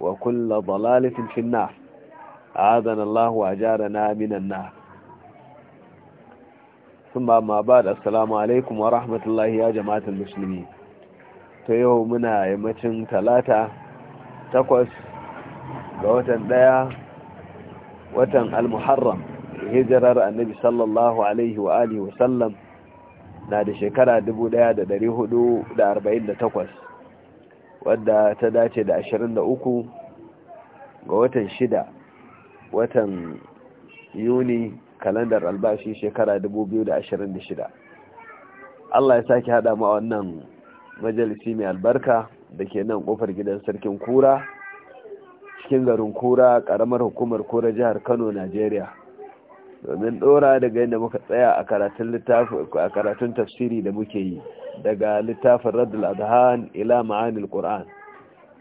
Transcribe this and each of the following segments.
وكل ضلالة في النار أعاذنا الله وأجارنا من النار ثم ما بعد السلام عليكم ورحمة الله يا جماعة المسلمين تيومنا يمتن ثلاثة تقوس قوتن ديا watan al-muharram hijirar annabi sallallahu alaihi wa alihi wasallam na da shekara 1448 wadda ta dace da ashirin da uku ga watan shida watan yuni kalandar albashi shekara da shida Allah ya sake hada ma wannan majalisi mai albarka da ke nan kofar gidan sarkin kura cikin garin kura karamar hukumar kura jihar kano najeriya domin dora daga yadda muka tsaya a karatun a karatun tafsiri da muke yi daga littafin radul adhan ila ma'anil qur'an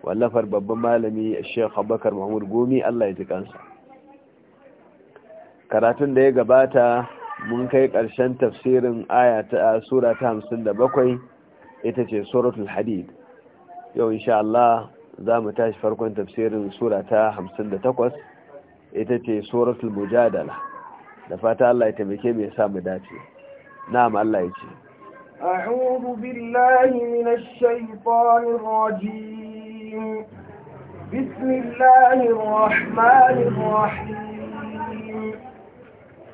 wallafar babban malami Sheikh Abubakar Mahmud Gomi Allah ya ji kansa karatun da ya gabata mun kai karshen tafsirin aya ta sura ta 57 ita ce suratul hadid yau insha Allah za mu tashi farkon tafsirin sura ta 58 ita ce suratul mujadala da fata Allah ya taimake mu ya sa mu dace na'am Allah ya ce a'udhu billahi minash shaytanir rajim bismillahir rahmanir rahim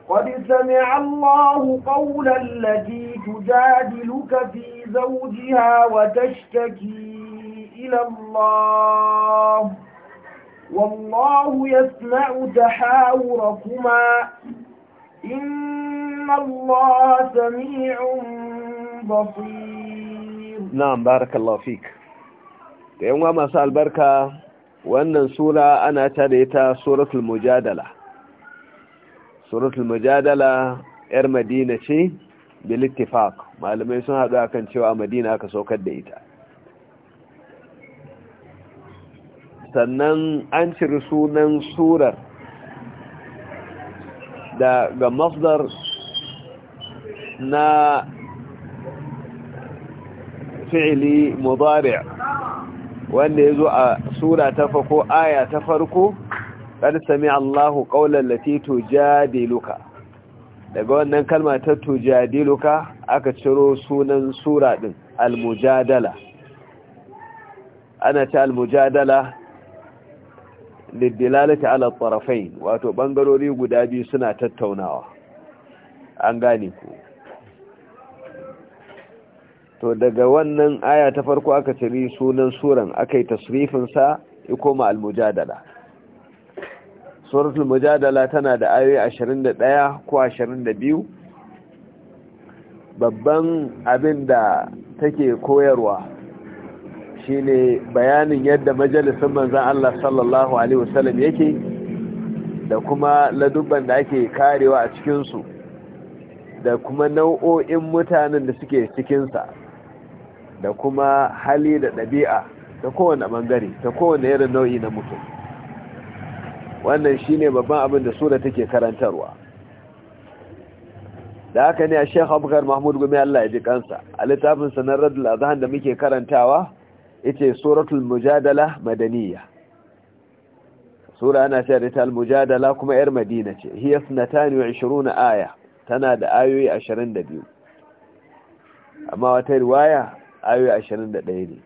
qad sami'a Allahu qawla allati tujadiluka fi zawjiha wa tashtaki ila Allah wallahu yasma'u tahawurakuma إن الله سميع بصير نعم بارك الله فيك يوم ما سأل wannan sura ana tare ta suratul mujadala suratul mujadala yar madina ce bil ittifaq malamai sun hadu akan cewa madina aka saukar da ita sannan an ciri sunan surar daga masdar na fi'ili mudari' wanda yazo a sura ta farko aya ta farko qad sami'a Allahu qawlan lati tujadiluka daga wannan kalma ta tujadiluka aka ciro sunan sura din al-mujadala ana ta al-mujadala liddilalati ala tsarafai wato bangarori guda biyu suna tattaunawa an gane ku to daga wannan aya ta farko aka ciri sunan suran aka tasrifin sa, ya koma almujadala suratul mujadala tana da ayoyi 21 ko 22 babban abin da take koyarwa shine bayanin yadda majalisun manzan Allah sallallahu alaihi wasallam yake da kuma ladubban da ake karewa a cikinsu da kuma nau'o'in mutanen da suke cikinsa da kuma hali da ɗabi'a ta kowane ɓangare ta kowane irin nau'i na mutum wannan shine babban abin da su da take karantarwa da haka ne a shekha mahmud gumi allah ya ji kansa a littafin sanar da muke karantawa ita suratul mujadala madaniya sura ana cewa ita al mujadala kuma yar madina ce hiya 22 aya tana da ayoyi 22 amma wata riwaya ayoyi 21 ne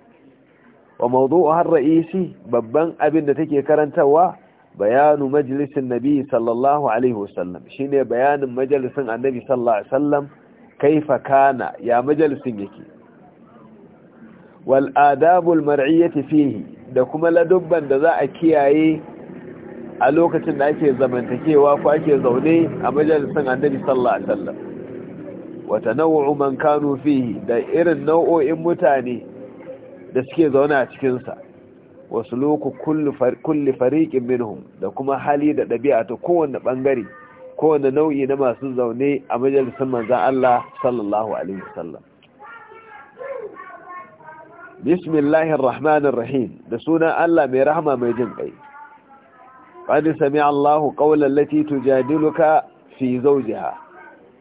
wa mawdu'uha ar-ra'isi babban abin da take karantawa bayanu majalisin nabi sallallahu alaihi wasallam shine bayanin majalisin annabi sallallahu alaihi wasallam kaifa kana ya majalisin yake Wal'adabul adabul mar'iyyati fihi da kuma ladubban da za a kiyaye a lokacin da ake zamantakewa ko ake zaune a majalisan annabi sallallahu alaihi wasallam wa tanawwu man kanu fihi da irin nau'o'in mutane da suke zaune a cikin sa wa suluku kulli fariqin minhum da kuma hali da dabi'a ta kowanne bangare kowanne nau'i na masu zaune a majalisan manzon Allah sallallahu alaihi wasallam bismillahir rahmanir rahim da sunan Allah mai rahama mai jin kai qad sami'a Allahu qawlan lati tujadiluka fi zawjiha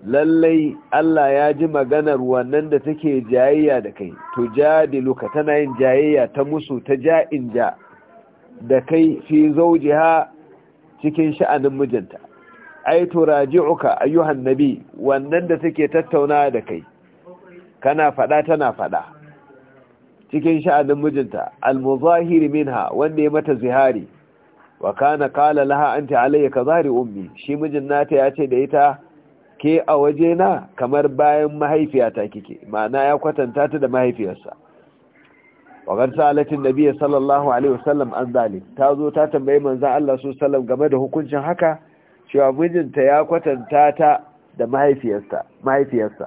lallai Allah ya ji maganar wannan da take jayayya da kai tujadiluka tana yin jayayya ta musu ta ja'in ja da kai fi zawjiha cikin sha'anin mijinta ai turaji'uka ayyuhan nabi wannan da take tattauna da kai kana fada tana fada cikin sha'anin mijinta al muzahiri minha wanda ya mata zihari wa kana qala laha anti alayya ka zahiri ummi shi mijin nata ya ce da ita ke a waje na kamar bayan mahaifiyata kike ma'ana ya kwatanta ta da mahaifiyarsa wa qad salatin nabiyyi sallallahu alaihi wasallam an zali, ta zo ta tambayi manzon Allah sallallahu alaihi game da hukuncin haka cewa mijinta ya kwatanta ta da mahaifiyarsa mahaifiyarsa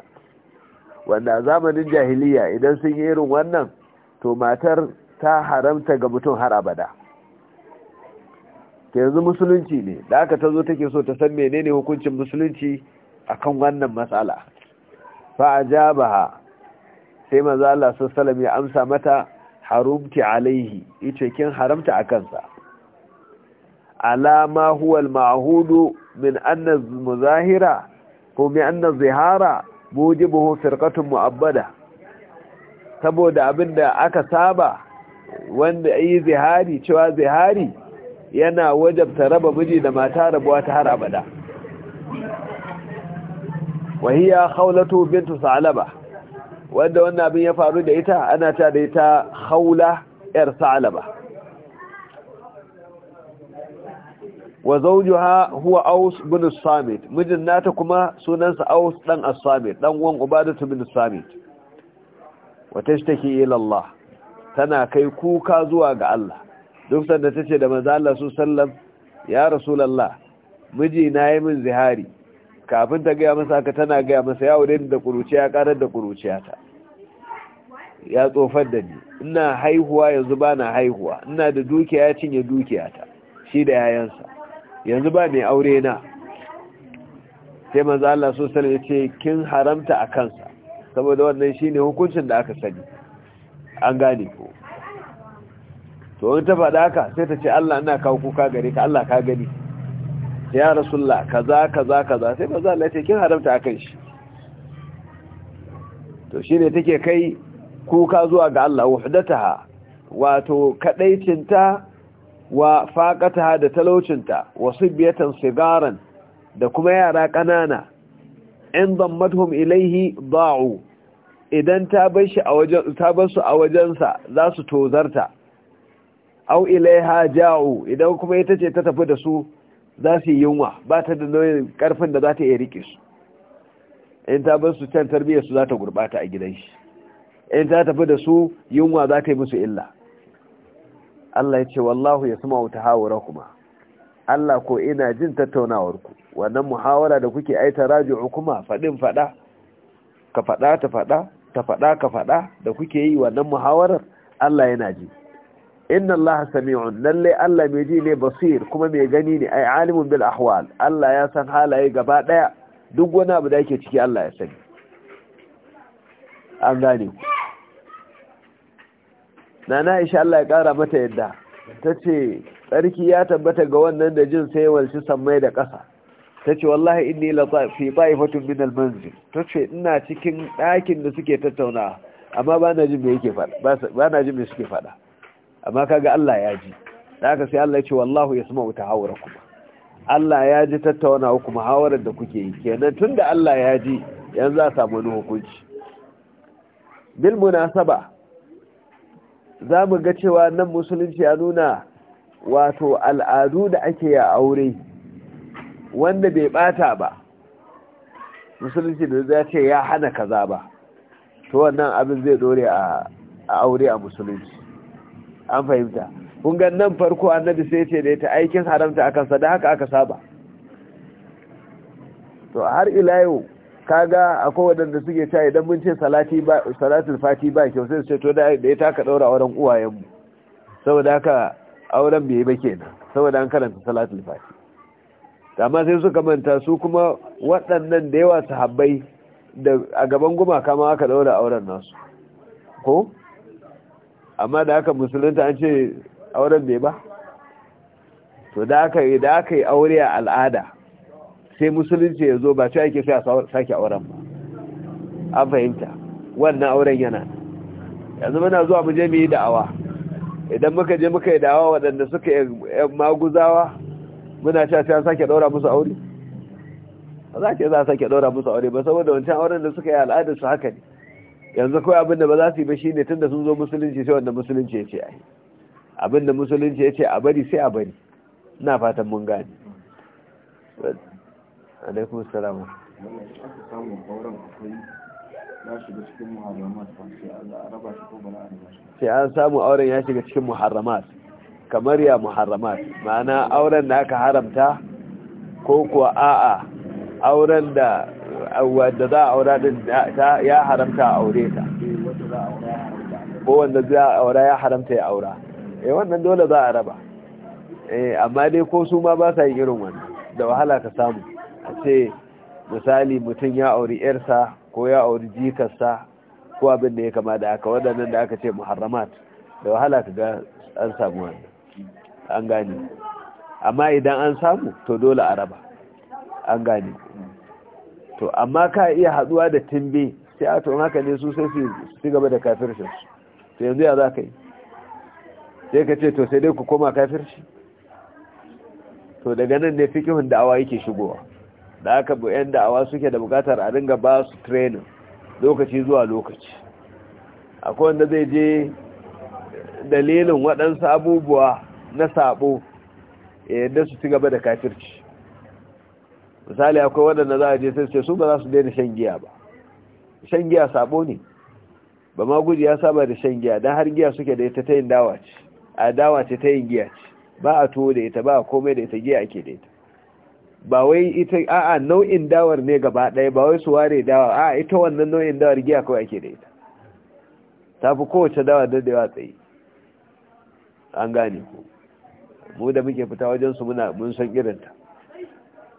wanda zamanin jahiliya idan sun yi irin wannan to matar ta haramta ga mutum har abada ke yanzu musulunci ne da aka ta zo take so ta san menene hukuncin musulunci akan wannan matsala fa ajabaha sai maza Allah sallallahu ya amsa mata harumti alaihi yace kin haramta a kansa alama huwa al-ma'hudu min anna muzahira ko min anna zihara mujibuhu firqatun mu'abbada saboda abin da aka saba wanda yi zihari cewa zihari yana wajabta raba miji da mata rabuwa ta har abada wahiya haulatu bintu salaba wanda wannan abin ya faru da ita ana ta da ita haula yar salaba wa zawjuha huwa aus bin samit mijin nata kuma sunansa aus dan as-samit dan uwan ubadatu bin samit wa tashtaki ila Allah tana kai kuka zuwa ga Allah duk sanda tace da manzo Allah su sallam ya rasulullah miji na yi min zihari kafin ta gaya masa haka tana gaya masa ya aure da kuruciya karar da kuruciya ta ya tsofar da ni ina haihuwa yanzu ba na haihuwa ina da dukiya ya cinye dukiya ta shi da yayansa yanzu ba mai aure na sai manzo Allah so sallallahu alaihi ce kin haramta a kansa saboda wannan shi ne hukuncin da aka sani an gane ko to in ta faɗa haka sai ta ce Allah ina kawo kuka gare ka Allah ka gani ya rasulullah kaza kaza kaza sai za Allah ce kin haramta akan shi to shine take kai kuka zuwa ga Allah wahdataha wato kadaicinta wa faqataha da talaucinta wa sibiyatan sigaran da kuma yara kanana in dammatuhum ilaihi da'u idan ta bar a wajen ta bar su a wajensa za su tozarta au ilaiha ja'u idan kuma ita ce ta tafi da su za su yunwa ba ta da nauyin karfin da za ta iya riƙe su in ta bar su can tarbiyyar su za ta gurbata a gidan shi in ta tafi da su yunwa za ta yi musu illa Allah ya ce wallahu ya suma wuta kuma Allah ko ina jin tattaunawar ku, wannan muhawara da kuke aita raji'u kuma faɗin faɗa ka faɗa ta faɗa Ka faɗa ka faɗa da kuke yi wannan muhawarar Allah yana ji inna Allah sami'un lalle Allah mai ji ne basir kuma mai gani ne ai alimun bil ahwal Allah ya san halaye gaba daya duk wani abu da yake ciki Allah ya sani an gane ku nana Aisha Allah ya kara mata yadda tace tsarki ya tabbata ga wannan da jin sai walci sammai da ƙasa ta ce wallahi inni la fi ba'ifatun min al-manzil ta ce ina cikin ɗakin da suke tattauna amma ba na jin me yake faɗa ba na jin me suke faɗa amma kaga Allah ya ji da haka sai Allah ya ce wallahu yasma'u tahawurakum Allah ya ji tattaunawa kuma hawarar da kuke yi kenan tunda Allah ya ji yanzu za a samu wani hukunci bil munasaba za mu ga cewa nan musulunci ya nuna wato al'adu da ake ya aure wanda bai bata ba musulunci da zai ce ya hana kaza ba to wannan abin zai dore a aure a musulunci an fahimta kun ga nan farko annabi sai ce da ta aikin haramta akan sa da haka aka saba to har ila yau kaga akwai waɗanda suke ta idan mun ce salati ba salatul fati ba kyau sai su ce to da ita taka daura auren uwayenmu saboda haka auren bai ba kenan saboda an karanta salatul fati amma sai suka manta su kuma waɗannan da yawa sahabbai da a gaban gumaka ma aka ɗaura auren nasu ko amma da aka musulunta an ce auren bai ba to da aka yi da aka yi aure a al'ada sai musulunci ya zo ba ci ake sai a sake auren ba an fahimta wannan auren yana yanzu muna zuwa mu je mu yi da'awa idan muka je muka yi da'awa waɗanda suka yi maguzawa muna cewa sai an sake daura musu aure ba za ce za a sake daura musu aure ba saboda wancan auren da suka yi al'adar su haka ne yanzu kawai abin da ba za su yi ba shine tunda sun zo musulunci sai wanda musulunci ya ce ai abin da musulunci ya ce a bari sai a bari ina fatan mun gane alaikum salam sai an samu auren ya shiga cikin muharramat kamar ya muharramat ma'ana auren da aka haramta ko kuwa a'a auren da wadda za a aura din ya haramta a aure ta ko wanda za a aura ya haramta ya aura eh wannan dole za a raba eh amma dai ko su ma ba sa yin irin wannan da wahala ka samu a ce misali mutum ya auri yarsa ko ya auri jikarsa ko abin da ya kama da aka waɗannan da aka ce muharramat da wahala ka ga an samu wannan an gane amma idan an samu to dole a raba an gane to amma ka iya haduwa da timbe sai a to haka ne su sai su ci gaba da kafirshin su to yanzu ya za ka yi sai ka ce to sai dai ku koma kafirshi to daga nan ne fikihun da'awa yake shigowa da aka bu yan da'awa suke da bukatar a ringa ba su training lokaci zuwa lokaci akwai wanda zai je dalilin waɗansu abubuwa na sabo yadda su ci gaba da kafirci misali akwai waɗanda za a je sai su ba za su daina shan giya ba shan giya sabo ne ba ma guji ya saba da shan giya don har giya suke da ita ta yin dawa ce a dawa ce ta yin giya ce ba a tuwo da ita ba a komai da ita giya ake da ita ba wai ita a'a nau'in dawar ne gaba ɗaya ba wai su ware dawa a'a ita wannan nau'in dawar giya kawai ake da ita ta fi kowace dawa da da tsaye an gane ku mu da muke fita wajen su muna mun san irinta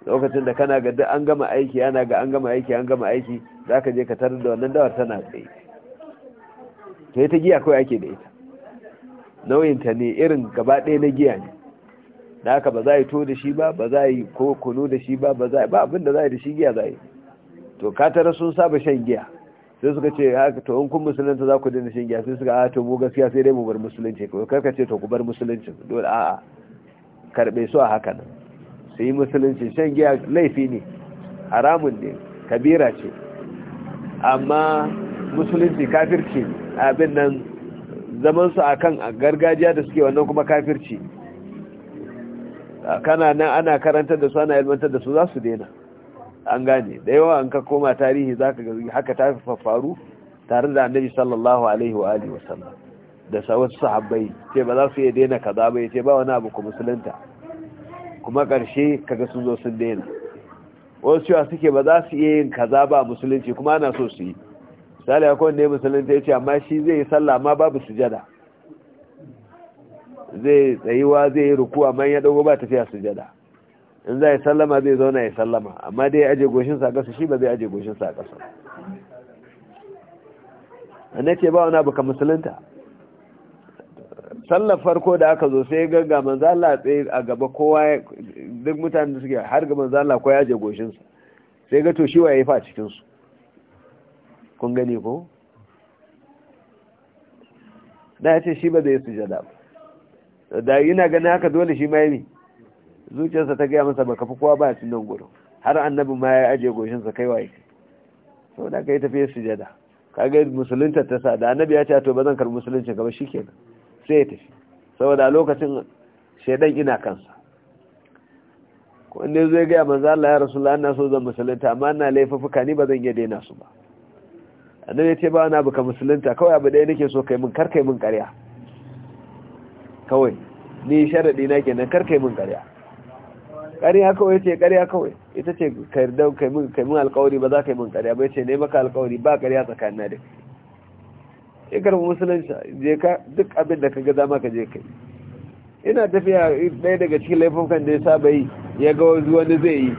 lokacin da kana ga an gama aiki ana ga an gama aiki an gama aiki za ka je ka tarar da wannan dawar tana tsaye to ta giya kawai ake da ita nauyinta ne irin gaba ɗaya na giya ne da haka ba za yi to da shi ba ba za yi ko kunu da shi ba ba za yi ba abin da za yi da shi giya za yi to ka tara sun saba shan giya sai suka ce haka to in kun musulunta za ku daina shan giya sai suka a ah, to mu gaskiya sai dai mu bar musulunci ko karka ce to ku bar musulunci dole a'a karbe su a haka nan su yi musulunci shan giya laifi ne haramun ne kabira ce amma musulunci kafirci abin nan zamansu a kan gargajiya da suke wannan kuma kafirci kana nan ana karanta da su ana ilmantar da su za su daina an gane da yawa an ka koma tarihi za ka haka ta faru tare da annabi sallallahu alaihi wa alihi wasallam da wasu sahabbai ce ba za su iya daina kaza ba ce ba wani abu ku musulunta kuma ƙarshe kaga sun zo sun daina wasu cewa suke ba za su iya yin kaza ba musulunci kuma ana so su yi misali akwai wanda ya musulunta ya ce amma shi zai yi sallah amma babu sujada zai tsayuwa zai yi ruku amma ya dogo ba tafiya sujada in za a yi sallama zai zauna ya sallama amma dai aje goshin sa kasa shi ba zai aje goshin sa kasa ce ba wani abu ka musulunta sallar farko da aka zo sai ga ga manzala tsaye a gaba kowa duk mutane da suke har ga manzala ko ya je goshinsa sai ga to shi waye fa cikin su kun gani ko da ya ce shi ba zai sujada ba da yana gani haka dole shi ma yi zuciyarsa ta gaya masa baka fi kowa ba cikin nan gudu har annabi ma ya aje goshin sa kai waye saboda kai tafiye sujada kaga musulunta ta sa da annabi ya ce to ba zan karbi musulunci gaba shikenan sai ya tafi saboda lokacin shaidan ina kansa wanda zai gaya manzo Allah ya rasu la'ana so zan musulunta amma ina laifuka ni ba zan iya daina su ba annabi ya ce ba na buka musulunta kawai abu ɗaya nake so kai min karkai min ƙarya kawai ni sharadi na kenan karkai min ƙarya ƙarya kawai ce ƙarya kawai ita ce kai min alƙawari ba za ka yi min ƙarya ba ce ne maka alƙawari ba ƙarya tsakanin da ya karbi musulunci je ka duk abin da ka ga dama ka je kai ina tafiya ɗaya daga cikin laifukan da ya saba yi ya ga wani zai yi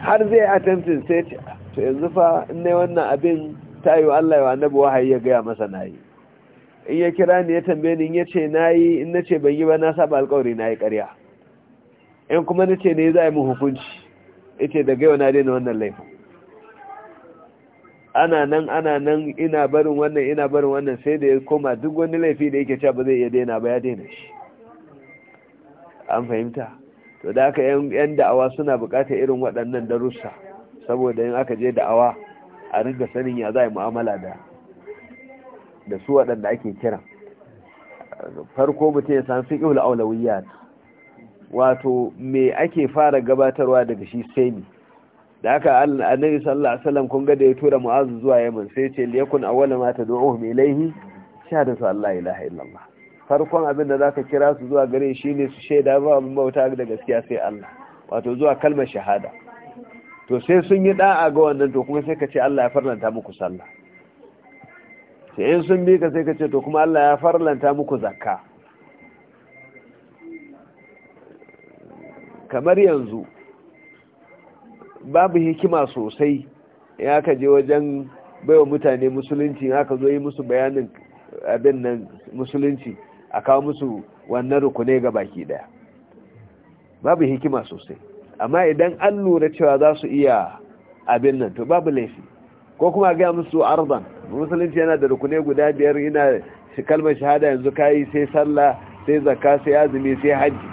har zai attempting sai ce to yanzu fa in wannan abin ta yi wa Allah ya annabi wahayi ya gaya masa na yi in ya kira ni ya tambaye ni in ya ce na yi in na ce ban yi ba na saba alkawari na yi ƙarya in kuma na ce ne za a yi mu hukunci ce daga yau na daina wannan laifin ana nan ana nan ina barin wannan ina barin wannan sai da ya koma duk wani laifi da yake cewa ba zai iya daina ba ya daina shi an fahimta to da aka yan da'awa suna bukatar irin waɗannan darussa saboda yin aka je da'awa a rinka sanin ya za a yi mu'amala da da su waɗanda ake kira farko mutum ya san fiqhul aulawiyyat wato me ake fara gabatarwa daga shi sai ni da haka annabi sallallahu alaihi wasallam kun ga da ya tura mu'azu zuwa yaman sai ce liyakun awwala ma tad'uhu ilayhi shahada an la ilaha illallah farkon abin da zaka kira su zuwa gare shi ne su shaida ba abin bauta da gaskiya sai Allah wato zuwa kalmar shahada to sai sun yi da'a ga wannan to kuma sai ka ce Allah ya farlanta muku sallah sai in sun bi ka sai ka ce to kuma Allah ya farlanta muku zakka kamar yanzu babu hikima sosai ya ka je wajen baiwa mutane musulunci ka zo yi musu bayanin abin nan musulunci a kawo musu wannan rukunai ga baki daya babu hikima sosai amma idan an lura cewa za su iya abin nan to babu laifi ko kuma ga musu arzan musulunci yana da rukunai guda biyar ina shi kalmar shahada yanzu kayi sai sallah sai zakka sai azumi sai hajji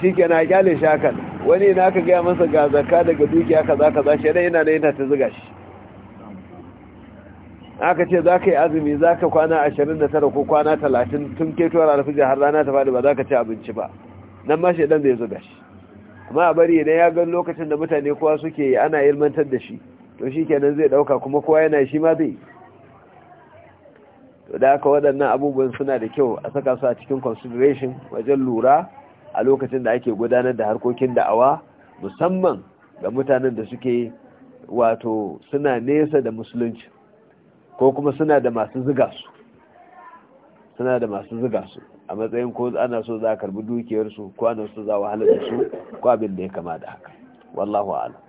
shikenan kyale shakan wani na aka gaya masa ga zaka daga dukiya kaza kaza shi yana na yana ta ziga shi aka ce za ka yi azumi za ka kwana 29 ko kwana 30 tun ketowar alfijir har rana ta faɗi ba za ka ci abinci ba nan ma dan zai zuga shi amma a bari idan ya gan lokacin da mutane kowa suke yi ana ilmantar da shi to shi kenan zai ɗauka kuma kowa yana shi ma zai to da haka waɗannan abubuwan suna da kyau a saka su a cikin consideration wajen lura a lokacin da ake gudanar da harkokin da'awa musamman ga mutanen da suke wato suna nesa da musulunci ko kuma suna da masu ziga su suna da masu ziga su a matsayin ko ana so za a karbi dukiyarsu ko ana so za a wahala da su ko abin da ya kama da haka wallahu a'lam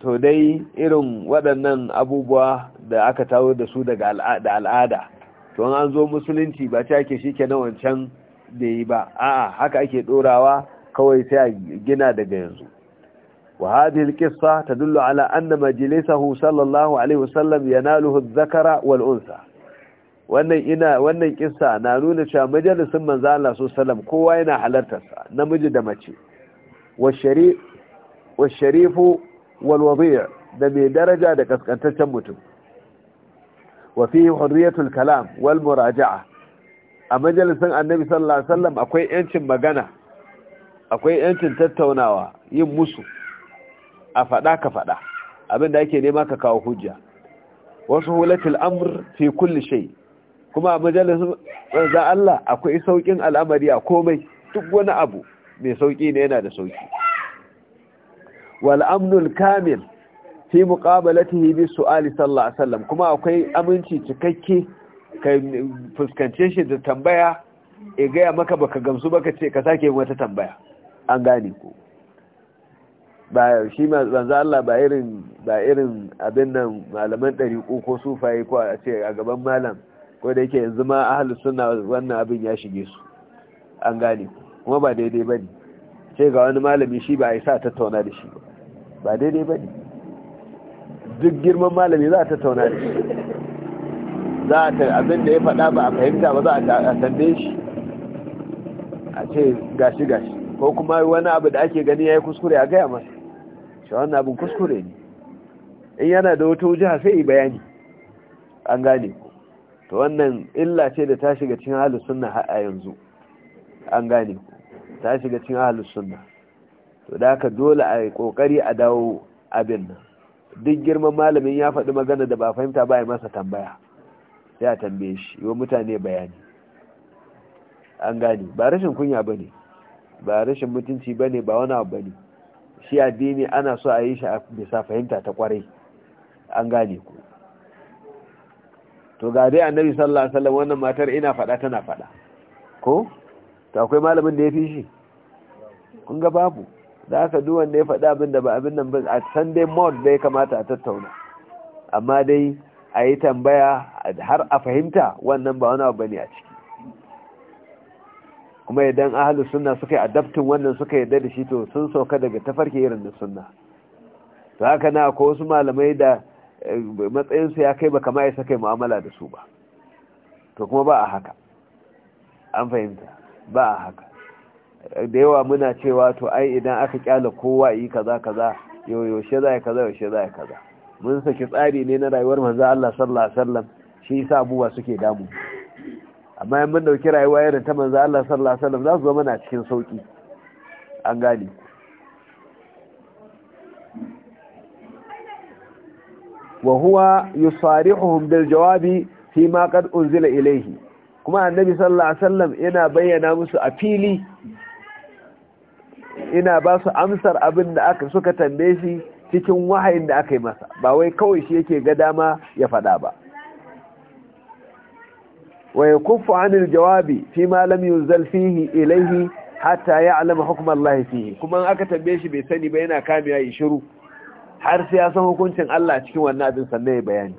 to dai irin waɗannan abubuwa da aka tawo da su daga al'ada to an zo musulunci ba ta ke shi na wancan da yi ba a'a haka ake dorawa kawai sai a gina daga yanzu wa hadhihi alqissa tadullu ala anna majlisahu sallallahu alaihi wasallam yanaluhu adh-dhakara wal unsa wannan ina wannan kissa na nuna cewa majalisin manzo Allah sallallahu kowa yana halartar namiji da mace wa sharif wa sharifu wal wadi' da mai daraja da kaskantaccen mutum wa fi hurriyatul kalam wal muraja'a a majalisin annabi sallallahu alaihi wasallam akwai yancin magana akwai yancin tattaunawa yin musu a faɗa ka faɗa abinda ake nema ka kawo hujja wasu hulatul amr fi kulli shay kuma a majalisin za Allah akwai sauƙin al'amari a komai duk wani abu mai sauƙi ne yana da sauki wal amnul kamil fi muqabalatihi bi su'ali sallallahu alaihi wasallam kuma akwai aminci cikakke ka fuskance shi da tambaya e ya maka baka gamsu baka ce ka sake wata tambaya an gane ko ba shi manzo Allah ba irin ba irin abin nan malaman dariƙo ko sufaye ko a ce a gaban malam ko da yake yanzu ma ahlus sunna wannan abin ya shige su an gane ku kuma ba daidai bane ce ga wani malami shi ba ya sa tattauna da shi ba ba daidai bane duk girman malami za a tattauna da shi za a abin da ya faɗa ba a fahimta ba za a sande shi a ce gashi gashi ko kuma wani abu da ake gani ya yi kuskure a gaya masa shi wannan abin kuskure ne in yana da wata wujiha sai yi bayani an gane ku to wannan illa ce da ta shiga cin halus suna a yanzu an gane ku ta shiga cin halus suna. to da haka dole a yi kokari a dawo abin nan duk girman malamin ya faɗi magana da ba fahimta ba ya masa tambaya ya tambaye shi yi mutane bayani an gani ba rashin kunya ba ne ba rashin mutunci ba ne ba wani abu ba ne shi addini ana so a yi shi a bisa fahimta ta kwarai an gane ku to ga dai annabi sallallahu alaihi wasallam wannan matar ina faɗa tana faɗa ko to akwai malamin da ya fi shi kun ga babu da haka duk wanda ya faɗi abin da ba abin nan ba a sunday mode da ya kamata a tattauna amma dai a yi tambaya har a fahimta wannan ba wani abu bane a ciki kuma idan ahalu sunna suka yi adaptin wannan suka yarda da shi to sun sauka daga tafarki irin da sunna to haka na ko wasu malamai da eh, matsayinsu ya kai ba kama ya sakai mu'amala da su ba to kuma ba a haka an fahimta ba a haka da yawa muna cewa to ai idan aka kyala kowa yi kaza kaza yaushe za ya kaza yaushe za ya kaza mun saki tsari ne na rayuwar manzo Allah sallallahu alaihi wasallam shi yasa abuwa suke damu amma in mun dauki rayuwa irin ta manzo Allah sallallahu alaihi wasallam za su zama na cikin sauki an gane wa huwa yusarihuhum bil jawabi fi ma qad unzila ilayhi kuma annabi sallallahu alaihi wasallam yana bayyana musu a fili ina ba su amsar abin da aka suka tambaye shi cikin wahayin da aka yi masa ba wai kawai shi yake ga dama ya faɗa ba wai yakuffu anil jawabi fi ma lam yunzal fihi ilayhi hatta ya'lama hukm Allah fihi kuma aka tambaye shi bai sani ba yana ya yi shiru har sai ya san hukuncin Allah cikin wannan abin sannan ya bayani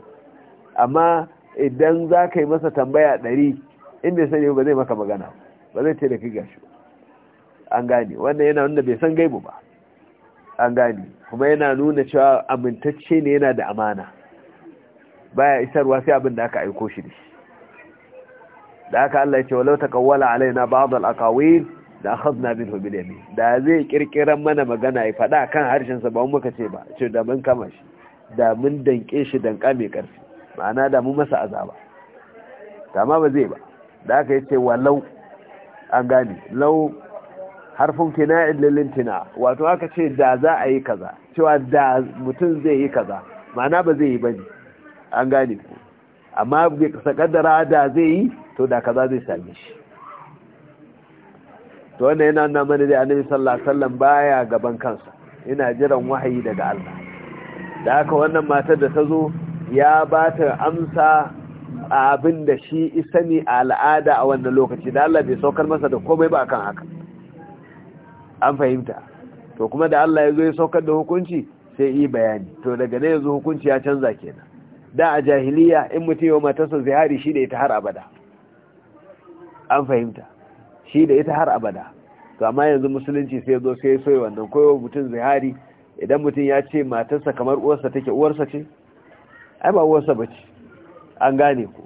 amma idan za ka yi masa tambaya ɗari in bai sani ba zai maka magana ba zai ce da ki gashi ba an gane wannan yana wanda bai san gaibu ba an gane kuma yana nuna cewa amintacce ne yana da amana baya isarwa sai abin da aka aiko shi ne. da aka Allah ya ce walau takawwala alaina ba'd al-aqawil da akhadna minhu bil yamin da zai kirkiran mana magana ya fada kan harshen sa ba mun muka ce ba ce da mun kama shi da mun danke shi danka mai karfi ma'ana da mu masa azaba Kama ba zai ba da aka yace walau an gane lau harfin kina'in lilintina wato aka ce da za a yi kaza cewa da mutum zai yi kaza mana ba zai yi bane an gane ku amma bai kasa kaddara da zai yi to da kaza zai same shi to wanda yana nuna mana da annabi sallallahu alaihi baya gaban kansa ina jiran wahayi daga Allah da haka wannan matar da ta zo ya ba ta amsa abin da shi isa isani a al'ada a wannan lokaci da Allah bai saukar masa da komai ba akan haka an fahimta to kuma da Allah ya zo ya saukar da hukunci sai yi bayani to daga nan yanzu hukunci ya canza kenan da a jahiliya in mutum yau matarsa zihari shi da ita har abada an fahimta shi da ita har abada to amma yanzu musulunci sai zo sai soyi wannan koyo mutum zihari idan mutum ya ce matarsa kamar uwarsa take uwarsa ce ai ba uwarsa bace an gane ku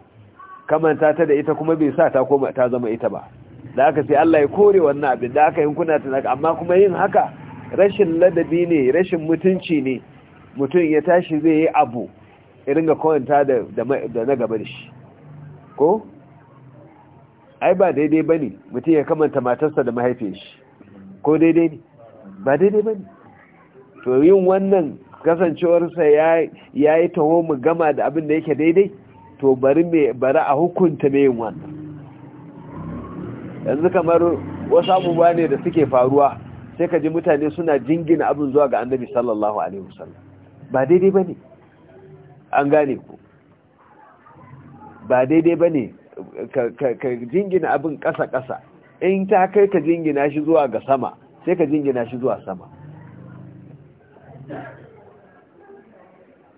kamanta ta da ita kuma bai sa ta koma ta zama ita ba da aka sai Allah ya kore wannan abin da aka yi kuna tunaka amma kuma yin haka rashin ladabi ne rashin mutunci ne mutum ya tashi zai yi abu irin ga kowanta da na gaba da shi ko? ai ba daidai ba ne mutum ya kamanta matarsa da mahaifin shi ko daidai ne ba daidai ba ne to yin wannan kasancewarsa ya yi taho mu gama da abin da yake daidai to bari a hukunta mai yin wannan yanzu kamar wasu abubuwa ne da suke faruwa sai ka ji mutane suna jingina abin zuwa ga annabi sallallahu alaihi wasallam ba daidai ba ne an gane ku ba daidai ba ne ka jingina abin kasa-kasa, in ta kai ka jingina shi zuwa ga sama sai ka jingina shi zuwa sama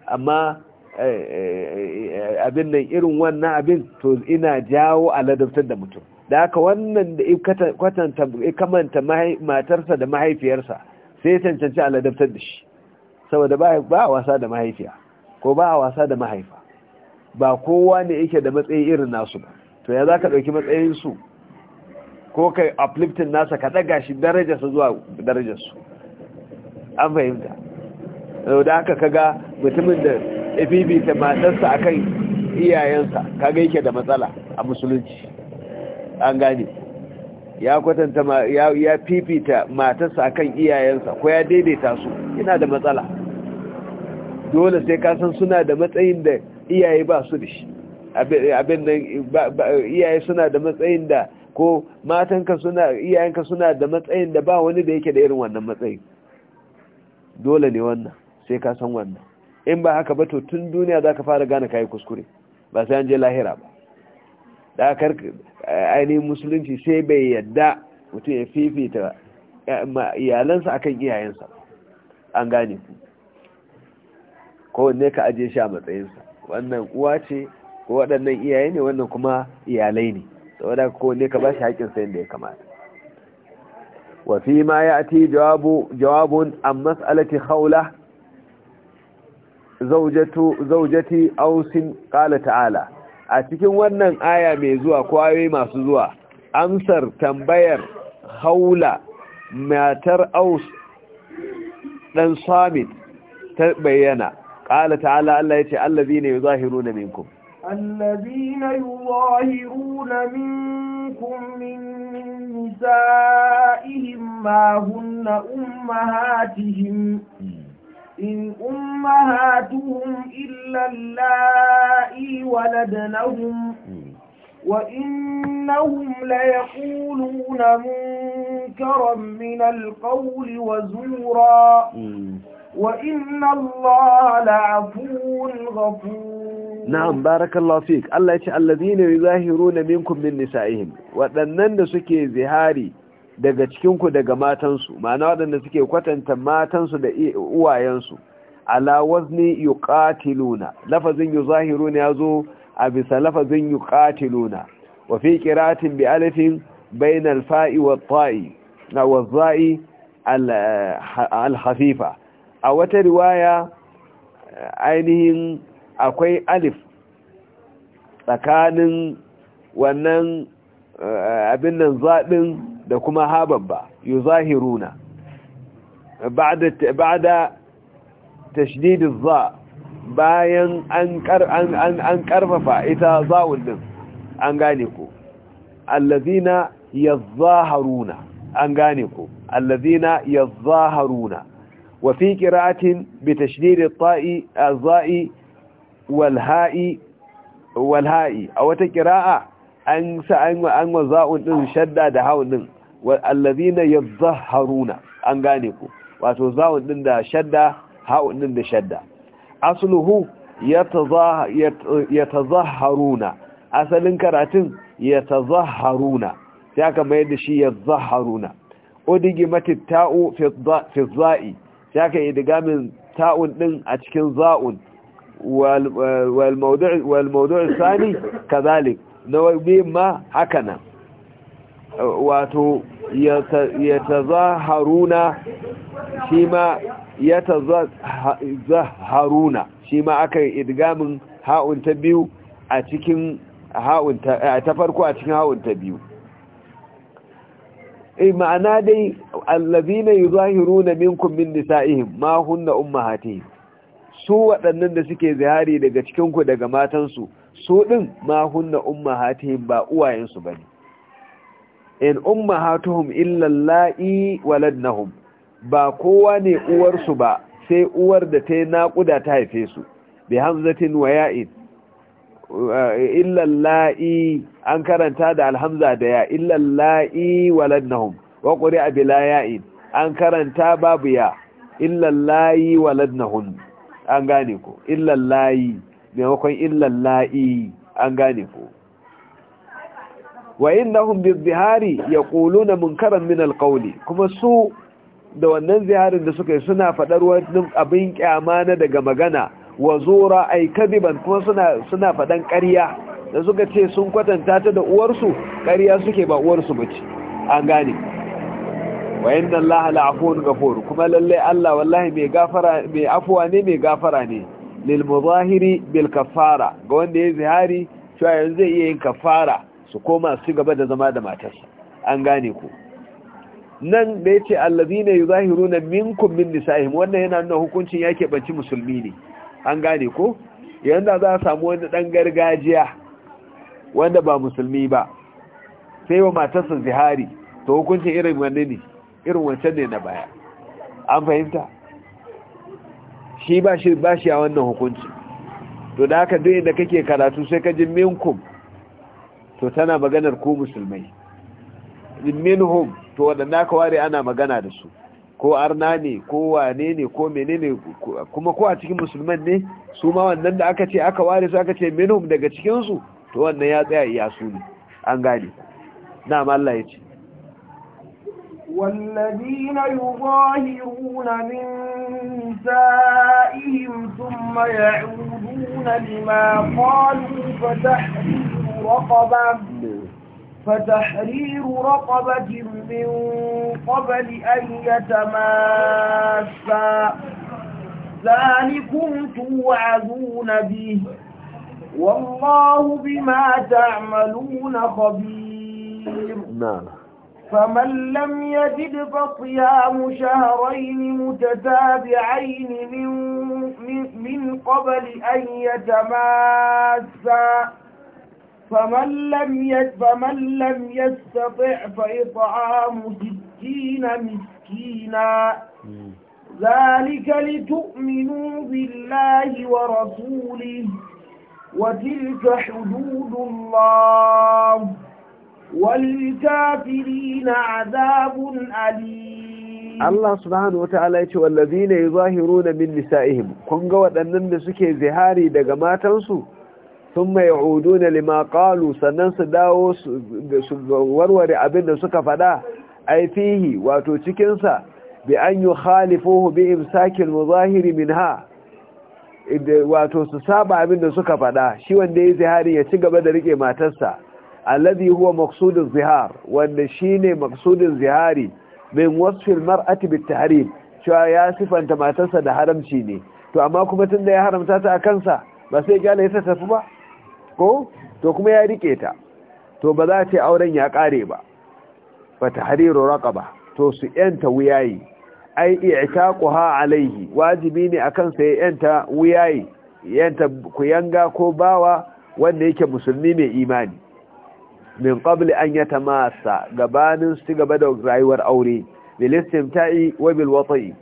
amma eh, eh, eh, abin nan irin wannan abin to ina jawo a ladabtar da mutum da haka wannan da kwatanta kamanta matarsa da mahaifiyarsa sai cancanci aladabtar da shi saboda ba a wasa da mahaifiya ko ba a wasa da mahaifa ba kowa ne yake da matsayi irin nasu ba to ya za ka ɗauki matsayinsu ko kai upliftin nasa ka ɗaga shi darajarsa zuwa darajarsu an fahimta da haka kaga mutumin da ya ta matarsa a akan iyayensa kaga yake da matsala a musulunci an gane ya kwatanta ya fifita matarsa akan iyayensa ko ya daidaita su yana da matsala dole sai ka san suna da matsayin da iyaye ba su da shi abin nan iyaye suna da matsayin da ko matanka suna iyayenka suna da matsayin da ba wani da yake da irin wannan matsayin dole ne wannan sai ka san wannan in ba haka ba to tun duniya za ka fara gane kayi kuskure ba sai an je lahira ba da ainihin musulunci sai bai yadda mutum ya fifita iyalansa akan iyayensa an gane ku kowanne ka ajiye shi a matsayinsa wannan uwa ce ko waɗannan iyaye ne wannan kuma iyalai ne saboda kowanne ka ba shi yadda ya kamata wafi ma ya ati jawabun haula matsalati haula zaujati ausin kala ta'ala. a cikin wannan aya mai zuwa kwayoyi masu zuwa amsar tambayar haula matar aus dan samit ta bayyana ƙala ta'ala Allah ya ce allazi ne zahiru na minkum allazi na zahiru na minkum min nisa'ihim ma hunna ummahatihim إن أمهاتهم إلا اللائي ولدنهم وإنهم ليقولون منكرا من القول وزورا وإن الله لعفو غفور نعم بارك الله فيك الله يتعى الذين يظاهرون منكم من نسائهم وأنن سكي زهاري daga cikinku daga matansu ma'ana waɗanda suke kwatanta matansu da uwayensu ala wazni yuqatiluna lafazin yuzahiruna yazo a bisa lafazin yuqatiluna wa fi qiratin bi alifin bayna al-fa'i tai wa zai al-khafifa a wata riwaya ainihin akwai alif tsakanin wannan eh, abin nan zaɗin da kuma ha babba yuzahiruna ba'da ba'da tashdid za bayan an kar an an karfafa ita za'ul din an gane ku: allazina yazaharuna an gane ko allazina yazaharuna wa fi qira'atin bi tashdid tai az-za'i wal ha'i wal ha'i aw an sa an wa za'un din shadda da ɗin din wal ya yadhharuna an gane ku wato za'un din da shadda hawun din da shadda asluhu yatazahharuna asalin karatun yatazahharuna sai ya mayar da shi yadhharuna udigi mati ta'u fi ya sai aka idigamin ta'un din a cikin za'un wal mawdu' wal mawdu' thani da biyun ma haka nan wato ya tazaharuna shi ma ya tazaharuna shi ma aka yi idgamin ha'un ta biyu a cikin ha'un ta farko a cikin ha'un ta biyu eh, ma'ana dai allazina yuzahiruna minkum min nisa'ihim ma hunna ummahatihim su waɗannan da suke zihari daga ku daga matansu su ɗin ma hunna umma hatihim ba uwayensu ba ne in umma ummahatuhum illallahi waladnahum ba kowa ne uwarsu ba sai uwar da ta yi naƙuda ta haife su bi hamzatin wa ya'in Illallai, an karanta da alhamza da ya illallahi waladnahum wa quri'a bila ya'in an karanta babu ya illallahi waladnahum an gane ko Illallai. maimakon illan la'i an gane ko wa ya na na munkaran min alqawli kuma su da wannan ziharin da suka yi suna faɗar wani abin kyama na daga magana wa zura ay ban kuma suna faɗan ƙarya da suka ce sun kwatanta ta da uwarsu ƙarya suke ba uwarsu ce. an gane wa inna allaha la'afun kuma lallai Allah wallahi mai gafara ne mai gafara ne lilmuzahiri bil kafara ga wanda ya zihari cewa yanzu zai iya yin kafara su koma su gaba da zama da matarsa an gane ku nan da yace allazina yuzahiruna minkum min nisa'ihim wannan yana nuna hukuncin yake banci musulmi ne an gane ko yanda za a samu wani dan gargajiya wanda ba musulmi ba sai wa matarsa zihari to hukuncin irin wanne ne irin wancan ne na baya an fahimta shi ba shi ba shi a wannan hukunci to da haka duk inda kake karatu sai ka ji minkum to tana maganar ku musulmai minhum to wadanda ka ware ana magana da su ko arna ne ko wane ne ko menene kuma ko a cikin musulman ne su ma wannan da aka ce aka ware su aka ce minhum daga cikin su to wannan ya tsaya iya su ne an gane na Allah ya ce والذين يظاهرون من نسائهم ثم يعودون لما قالوا فتحرير رقبة فتحرير رقبة من قبل أن يتماسا ذلكم توعدون به والله بما تعملون خبير نعم فمن لم يجد فصيام شهرين متتابعين من, من, من قبل أن يتماسا فمن لم فمن لم يستطع فإطعام ستين مسكينا ذلك لتؤمنوا بالله ورسوله وتلك حدود الله na وللكافرين عذاب أليم الله سبحانه وتعالى يقول والذين يظاهرون من نسائهم كونغا waɗannan da suke zihari daga matansu thumma yauduna lima qalu sannan su dawo su warware abin da suka faɗa? ai fihi wato cikin sa bi an yukhalifuhu bi imsakil muzahiri minha wato su saba abin da suka faɗa. shi wanda ya zihari ya ci gaba da riƙe matarsa alladhi huwa maqsudun zihar wanda shine maqsudun zihari bin wasfil mar'ati bit tahrim cewa ya sifanta matarsa da haramci ne to amma kuma tunda ya haramta ta a kansa ba sai kyale ta tafi ba ko to kuma ya rike ta to ba za ta auren ya kare ba fa tahriru raqaba to su yanta wuyayi ai i'taquha alaihi wajibi ne akan sa ya yanta wuyayi yanta kuyanga ko bawa wanda yake musulmi mai imani min qabli an yatamassa gabanin su gaba da rayuwar aure bil istimta'i wa bil wata'i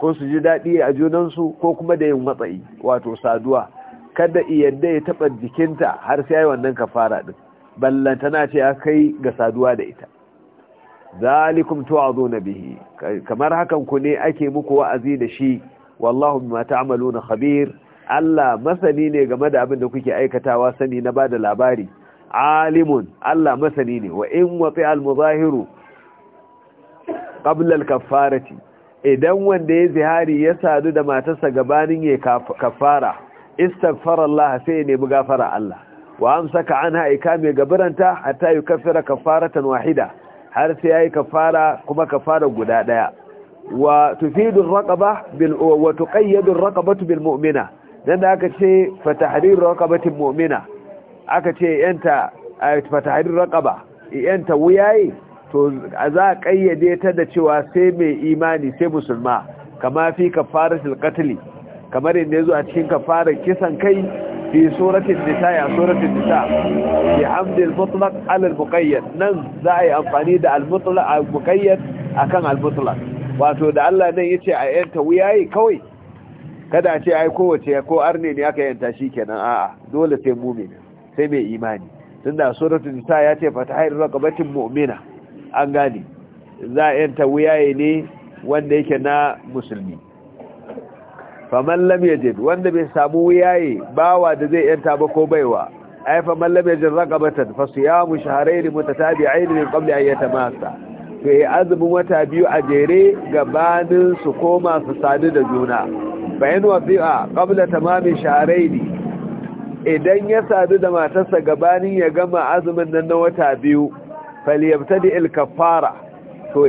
ko su ji dadi a junan su ko kuma da yin watsai, wato saduwa kada iyadda ya taba jikinta har sai yayi wannan kafara din ballan tana ce kai ga saduwa da ita zalikum tu'aduna bihi kamar hakan ku ne ake muku wa'azi da shi wallahu bima ta'maluna khabir Allah masani ne game da abin da kuke aikatawa sani na bada labari alimun Allah masani ne wa in wafi al-muzahiru qabla idan wanda ya zihari ya sadu da matarsa gabanin ya kafara istaghfara sai ya nemi gafara Allah wa amsaka haika ikame gabaranta hatta kafira kafaratan wahida har sai yayi kafara kuma kafara guda ɗaya wa tufidu ar bil wa tuqayyadu ar bil mu'mina dan da aka ce fa tahrir raqabatin mu'mina aka ce yanta a fatahadin raqaba yanta wuyaye to a za a kayyade ta da cewa sai mai imani sai musulma kama fi kafaratul silkatili kamar yadda ya zo a cikin kafarar kisan kai fi suratul nisa ya suratul nisa bi hamdil mutlaq al muqayyad nan za a yi amfani da al mukayyar al muqayyad akan al mutlaq wato da Allah nan yace a yanta wuyaye kawai kada a ce ai kowace ko arne ne aka yanta shi kenan a'a dole sai mumina sai mai imani da suratu nisa ya ce fatahir raqabatin mu'mina an gane za a yanta wuyaye ne wanda yake na musulmi faman lam wanda bai samu wuyaye bawa da zai yanta ba ko baiwa ay faman lam mu raqabatan fa ta shahrayn mutatabi'ain min qabli an masa to yi azumin wata biyu a jere gabanin su koma su sadu da juna bayan wasi'a qabla Mamin, shahrayn idan ya sadu da matarsa gabanin ya gama azumin nan na wata biyu falyabtadi da ilkafara to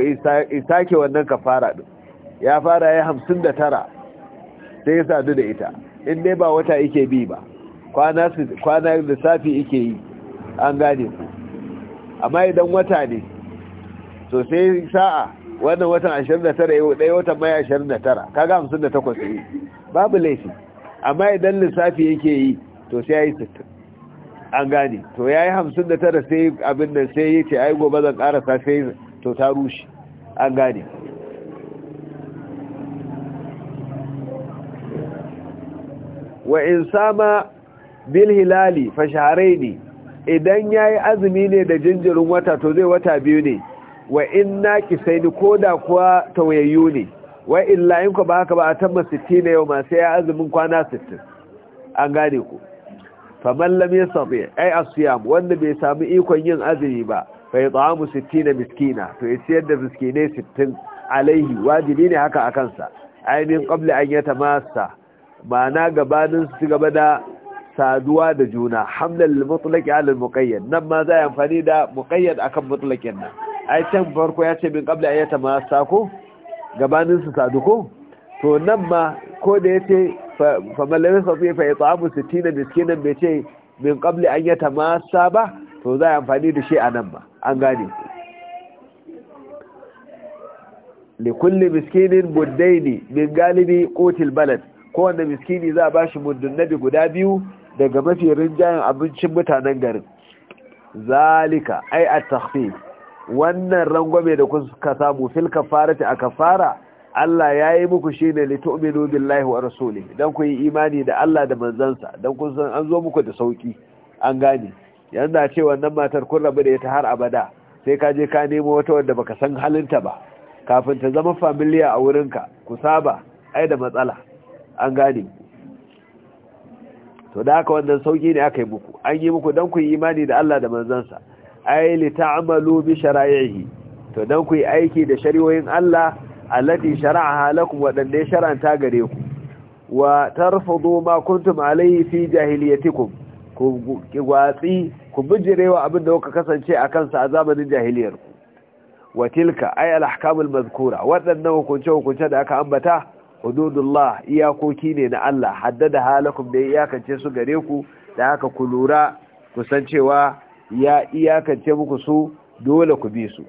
isake wannan kafara ɗin ya fara ya hamsin da tara sai ya sadu da ita in dai ba wata ike bi ba kwana kwana lissafi ike yi an gane ku amma idan wata ne to sai sa'a wannan watan 29 ɗaya watan mai 29 kaga 58 yi babu laifi amma idan lissafi yake yi to sai ya yi sittin an gane to ya yi hamsin da tara sai abin nan sai ya ce ai gobe zan karasa sai to ta rushe an gane wa in sama bil hilali fa ne idan ya yi azumi ne da jinjirin wata to zai wata biyu ne wa in na kisai ni ko da kuwa tawayayyu ne wa illa in ku ba haka ba a tamma 60 na yau ma sai ya azumin kwana 60 an gane ku faman lam Ai ay asiyam wanda bai sami ikon yin azumi ba fa yat'amu 60 miskina to ya siyar da miskinai 60 alaihi wajibi ne haka akan sa ainin qabla an yatamassa ma'ana gabanin su gaba da saduwa da juna hamlal mutlaqi ala al nan ma za amfani da muqayyad akan mutlaqin nan ai can farko ya ce min qabla an yatamassa ko gabanin su sadu ko to nan ma ko da ya ce famalin fiye fa ya tsamu sittina miskinan bai ce min kabli an yata masa ba to za a yi amfani da shi a nan ma an gane likulli miskinin ne, min galibi kotil balad kowane miskini za a ba shi nabi guda biyu daga mafi rinjayen abincin mutanen garin zalika ai a tafi wannan rangwame da kuka samu fil kafarati a kafara Allah ya yi muku shi ne litu'minu billahi wa rasuli don ku yi imani da Allah da manzansa don kun san an zo muku da sauki an gane yanzu ce wannan matar kun rabu da ita har abada sai ka je ka nemo wata wanda baka san halinta ba kafin ta zama familiya a wurinka ku saba ai da matsala an gane to da haka wannan sauki ne aka yi muku an yi muku don ku yi imani da Allah da manzansa ai li ta'malu bi shara'ihi to don ku yi aiki da shari'o'in Allah allati shara'aha lakum wadanda ya shar'anta gare ku wa tarfudu ma kuntum alayhi fi jahiliyatikum ku gwatsi ku bijirewa abin da kuka kasance a kansa a zamanin jahiliyar ku wa tilka ay al al mazkura hukunce hukunce da aka ambata hududullah iyakoki ne na Allah haddada halakum da iyakance su gare ku da haka ku lura ku san cewa ya iyakance muku su dole ku bi su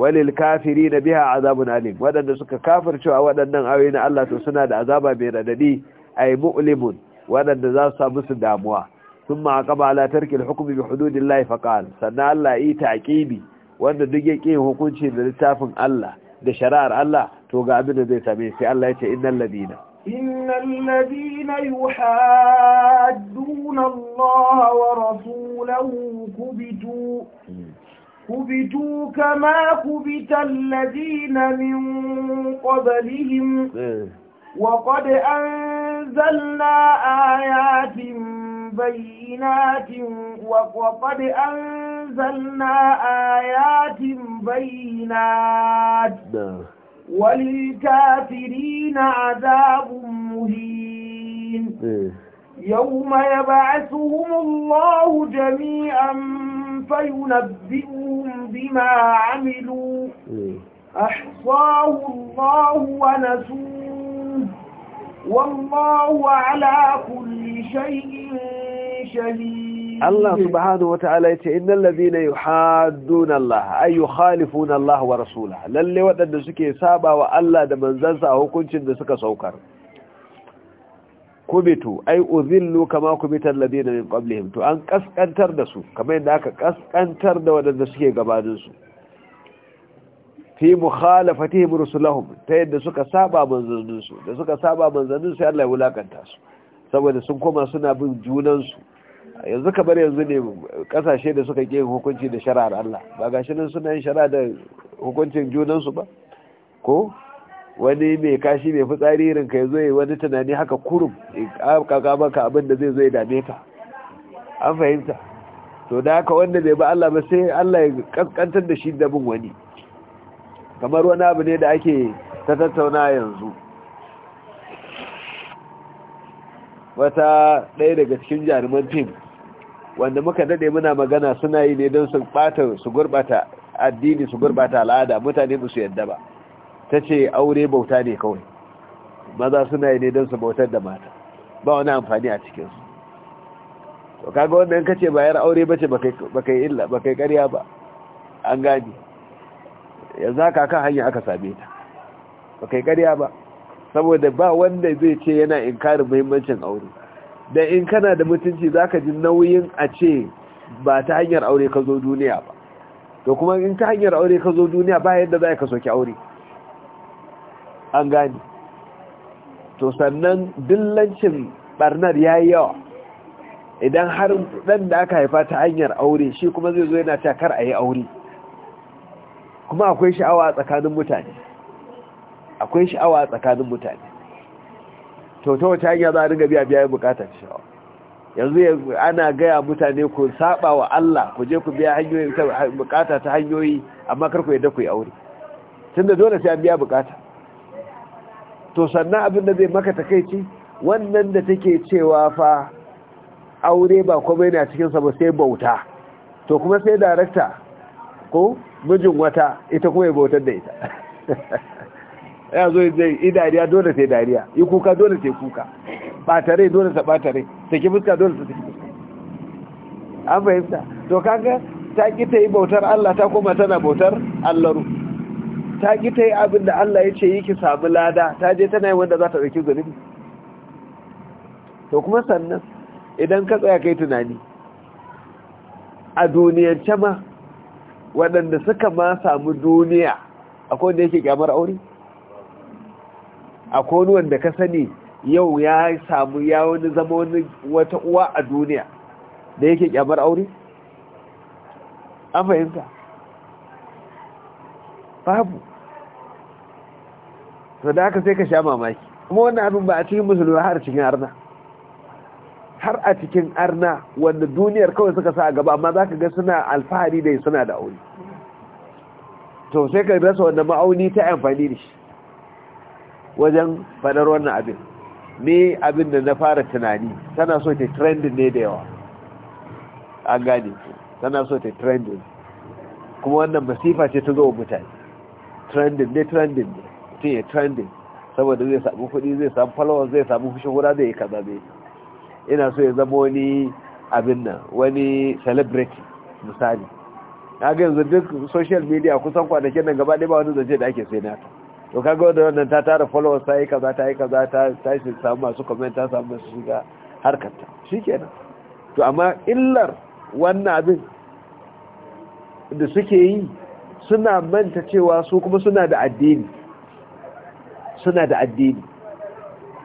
walil kafiri na a azabun alim waɗanda suka cewa waɗannan awi na Allah to suna da azaba mai radadi yi mu'ulimun waɗanda za su samu su damuwa sun ma aqaba ala tarki al hududillahi faqal sannan Allah yi taqibi wanda duk ya ƙi hukunci da littafin Allah da shari'ar Allah to ga abin da zai same sai Allah ya ce innan ladina innal ladina yuhadduna Allah wa rasulahu kubitu hmm. كبتوا كما كبت الذين من قبلهم وقد أنزلنا آيات بينات وقد أنزلنا آيات بينات وللكافرين عذاب مهين يوم يبعثهم الله جميعا فينبئهم بما عملوا أحصاه الله ونسوه والله على كل شيء شهيد الله سبحانه وتعالى إن الذين يحادون الله أي يخالفون الله ورسوله للي ودن سكي سابا وألا دمنزنسا هو كنش دسك سوكر kubitu ai uzillu kama kubitar ladina min qablihim to an kaskantar da su kamar yadda aka kaskantar da wadanda suke gabanin su fi mukhalafatihim rusulahum ta yadda suka saba manzannin su da suka saba manzannin su Allah ya wulakanta su saboda sun koma suna bin junan su yanzu kamar yanzu ne kasashe da suka yin hukunci da shari'ar Allah ba gashi nan suna yin shari'a da hukuncin junan su ba ko wani mai kashi mai fitsari irin ka zo yi wani tunani haka kurum kaka maka abin da zai zo ya dame ka an fahimta to da haka wanda bai ba Allah ba sai Allah ya kankantar da shi da bin wani kamar wani abu ne da ake ta tattauna yanzu wata ɗaya daga cikin jaruman fim wanda muka daɗe muna magana suna yi ne don su ɓata gurɓata addini su gurɓata al'ada mutane musu yadda ba ta ce aure bauta ne kawai maza suna yi ne don su bautar da mata ba wani amfani a cikinsu to kaga wanda yanka ka bayar aure bace ba kai illa ba kai karya ba an gani yanzu haka kan hanyar aka same ta Ba kai karya ba saboda ba wanda zai ce yana inkarin muhimmancin aure da in kana da mutunci za ka ji nauyin a ce ba ta hanyar aure ka zo duniya ba to kuma in ta hanyar aure ka zo duniya ba yadda za ka soke aure an gani to sannan dillancin barnar ya yi yawa idan har ɗan da aka haifa ta hanyar aure shi kuma zai zo yana ta kar a yi aure kuma akwai sha'awa a tsakanin mutane akwai sha'awa tsakanin mutane to ta wata hanya za a ringa biya biya bukatar sha'awa yanzu ana gaya mutane ku saba wa Allah ku je ku biya hanyoyi bukata ta hanyoyi amma kar ku yadda ku yi aure tunda dole sai an biya bukata to sannan abin da zai maka takaici wannan da take cewa fa aure ba kuma a cikinsa ba sai bauta to kuma sai darakta ko mijin wata ita kuma ya bautar da ita ya zo zai yi dariya dole sai dariya yi kuka dole sai kuka batare dole sai batare take fuska dole sai take fuska an fahimta to kaga ta ki ta yi bautar Allah ta koma tana bautar Allah ta ki ta yi abin da Allah ya ce yi ki samu lada ta je tana yi wanda za ta ɗauki zunubi to kuma sannan idan ka tsaya kai tunani a duniyance ma waɗanda suka ma samu duniya akwai wanda yake kyamar aure A wani wanda ka sani yau ya samu ya wani zama wani wata uwa a duniya da yake kyamar aure an fahimta babu to da haka sai ka sha mamaki kuma wannan abin ba a cikin musulmi har cikin arna har a cikin arna wanda duniyar kawai suka sa a gaba amma za ka ga suna alfahari da suna da aure to sai ka rasa wanda ma'auni ta amfani da shi wajen faɗar wannan abin ne abin da na fara tunani tana so ta trendin ne da yawa an gane tana so ta trendin kuma wannan masifa ce ta zo mutane trendin ne trendin ne mutum ya trending saboda zai samu kuɗi zai samu followers zai samu fushin wura zai yi kaza ne ina so ya zama wani abin nan wani celebrity misali kaga yanzu duk social media kusan kwanakin nan gaba ɗaya ba wani zance da ake sai nata to kaga wanda wannan ta tara followers ta yi kaza ta yi kaza ta ta shi samu masu comment ta samu masu shiga harkar ta shikenan to amma illar wannan abin da suke yi suna manta cewa su kuma suna da addini suna da addini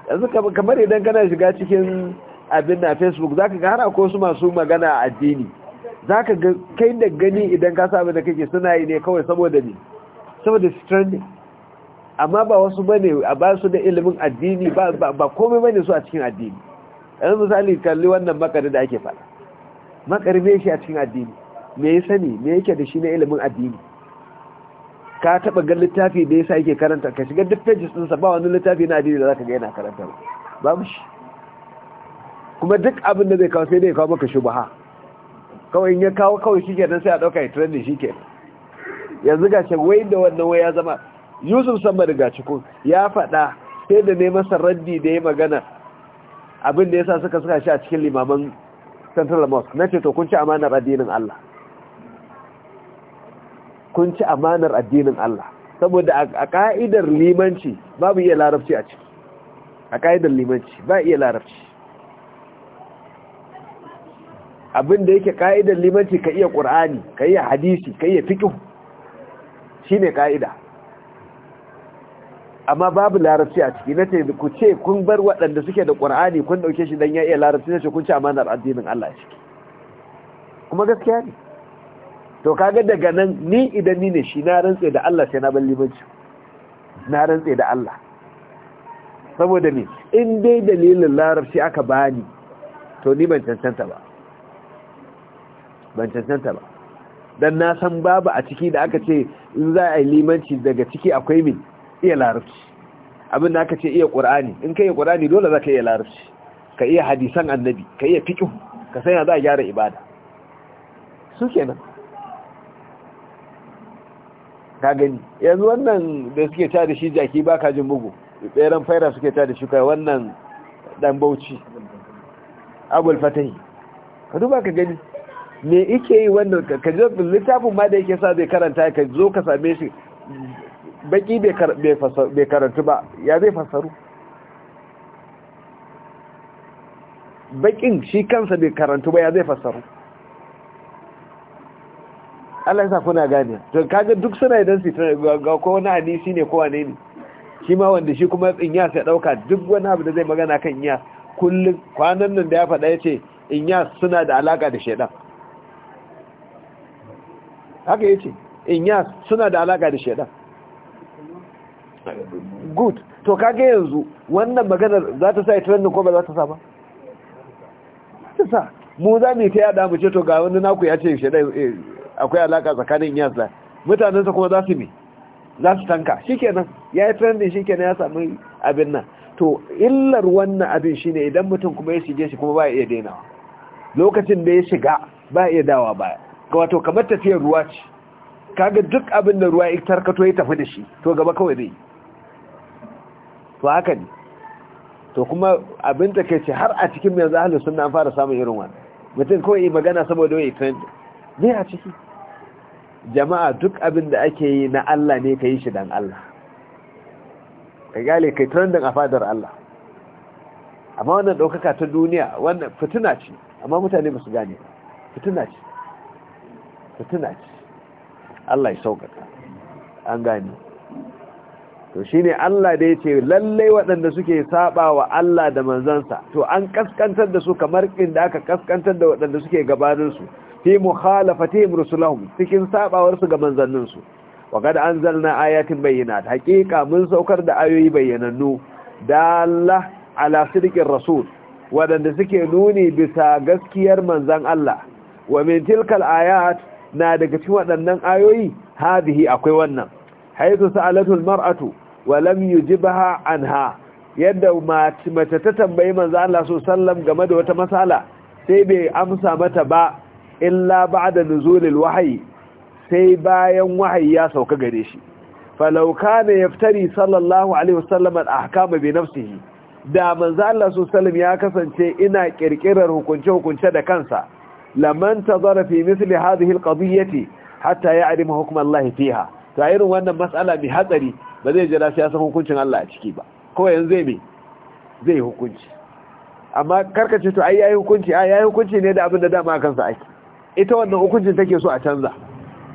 yanzu kamar idan kana shiga cikin abin na facebook za ka ga har su masu magana a addini za ka kai da gani idan ka sami da kake suna yi ne kawai saboda ne saboda stranding amma ba wasu bane a ba su da ilimin addini ba komai bane su a cikin addini yanzu misali kalli wannan makarin da ake faɗa makarin ne shi a cikin addini me ya sani me yake da shi na ilimin addini ka taba ga littafi da yasa yake karanta ka shiga duk pages din sa ba wani littafi na addini da zaka ga yana karanta ba shi kuma duk abin da zai kawo sai dai kawo maka shubha kawai in ya kawo kawai shikenan sai a dauka ya trending shikenan yanzu ga shi wai da wannan wai ya zama Yusuf Samba daga cikin ya faɗa sai da ne masa raddi da ya magana abin da yasa suka suka shi a cikin limaman Central Mosque nace to kun ci amanar addinin Allah kun ci amanar addinin Allah saboda a ka'idar limanci babu iya larabci a ciki a ka'idar limanci ba iya larabci abin da yake ka'idar limanci ka iya ƙur'ani ka iya hadisi ka iya shi shine ka'ida amma babu larabci a ciki na ce ku ce kun bar waɗanda suke da ƙur'ani kun ɗauke shi don ya iya larabci na ce kun ci amanar addinin Allah a ciki kuma gaskiya ne to kaga daga nan ni idan ni ne shi na rantse da Allah sai na bar limanci na rantse da Allah saboda me in dai dalilin larabci aka bani to ni ban cancanta ba ban cancanta ba dan na san babu a ciki da aka ce in za a yi limanci daga ciki akwai min iya larabci abin da aka ce iya qur'ani in kai qur'ani dole zaka iya larabci ka iya hadisan annabi ka iya fiqh ka san ya za a gyara ibada su kenan ka gani yanzu wannan da suke ta da shi jaki ba ka jin bugu tseren faira suke ta da shi kai wannan dan bauchi abul fatahi ka duba ka gani me ike yi wannan ka ji littafin ma da yake sa zai karanta ka zo ka same shi baki bai karantu ba ya zai fasaru bakin shi kansa bai karantu ba ya zai fasaru Allah ya sa kuna gane to kaga duk suna idan su ga ko wani hadisi ne ko wane ne shi ma wanda shi kuma in ya sai dauka duk wani abu da zai magana kan ya kullun kwanan nan da ya faɗa yace ya suna da alaka da shedan haka yace ya suna da alaka da shedan good to kage yanzu wannan maganar za ta sa trending ko ba za ta sa ba ta sa mu za mu ta yada mu ce to ga wani naku ya ce shedan eh, akwai alaka tsakanin Mutanen mutanensa kuma za su me za su tanka shikenan ya yi trending shikenan ya sami abin nan to illar wannan abin shine idan mutum kuma ya shige shi kuma ba iya dainawa lokacin da ya shiga ba iya dawa baya ga wato kamar tafiyar ruwa ce kaga duk abin da ruwa ya tarkato ya tafi da shi to gaba kawai zai to haka ne to kuma abin da kai ce har a cikin yanzu ahlus sunna an fara samun irin wannan mutum kawai magana saboda wai trend ne a ciki jama'a duk abin da ake yi na Allah ne ka yi shi dan Allah ka gale kai trendin a fadar Allah amma wannan ɗaukaka ta duniya wannan fituna ce amma mutane ba su gane fituna ce fituna ce Allah ya sauƙaƙa an gane to shine Allah da yace lallai waɗanda suke saba wa Allah da manzansa to an kaskantar da su kamar inda aka kaskantar da waɗanda suke gabanin su fi mukhalafatihim rusulahum cikin sabawar su ga manzannin su wa kad anzalna ayatin bayyinat haqiqa mun saukar da ayoyi bayyanannu dalla ala sidqir rasul wadanda suke nuni bisa gaskiyar manzan Allah wa min tilkal ayat na daga cikin waɗannan ayoyi hadihi akwai wannan haythu sa'alatul mar'atu wa lam yujibha anha yadda mace ta tambayi manza Allah sallallahu game da wata masala sai bai amsa mata ba illa ba'da nuzulil wahyi sai bayan wahayi ya sauka gare shi falau kana yaftari sallallahu alaihi wasallam al-ahkama bi nafsihi da manzo Allah sallallahu ya kasance ina kirkirar hukunce hukunce da kansa laman tazara fi misli hadhihi al-qadiyyati hatta arima hukm Allah fiha to irin wannan mas'ala bi hatsari ba zai jira sai ya san hukuncin Allah a ciki ba ko yanzu zai mai zai hukunci amma karkace to ai yayi hukunci ai yayi hukunci ne da abin da dama kansa ake ita wannan hukuncin take so a canza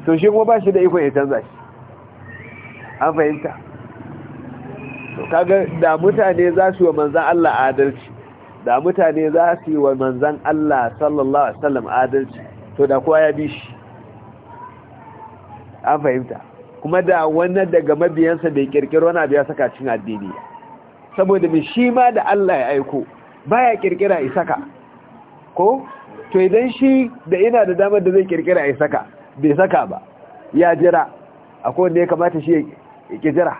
to shi kuma ba shi da ikon ya canza shi an fahimta to kaga da mutane za su yi wa manzan Allah adalci da mutane za su yi wa manzan Allah sallallahu alaihi wasallam adalci to da kowa ya bi shi an fahimta kuma da wannan daga mabiyansa bai kirkiro wani abu ya saka cin addini saboda mai shi ma da Allah ya aiko baya kirkira isaka ko to idan shi da ina da damar da zai kirkira ya saka bai saka ba ya jira akwai wanda ya kamata shi ya jira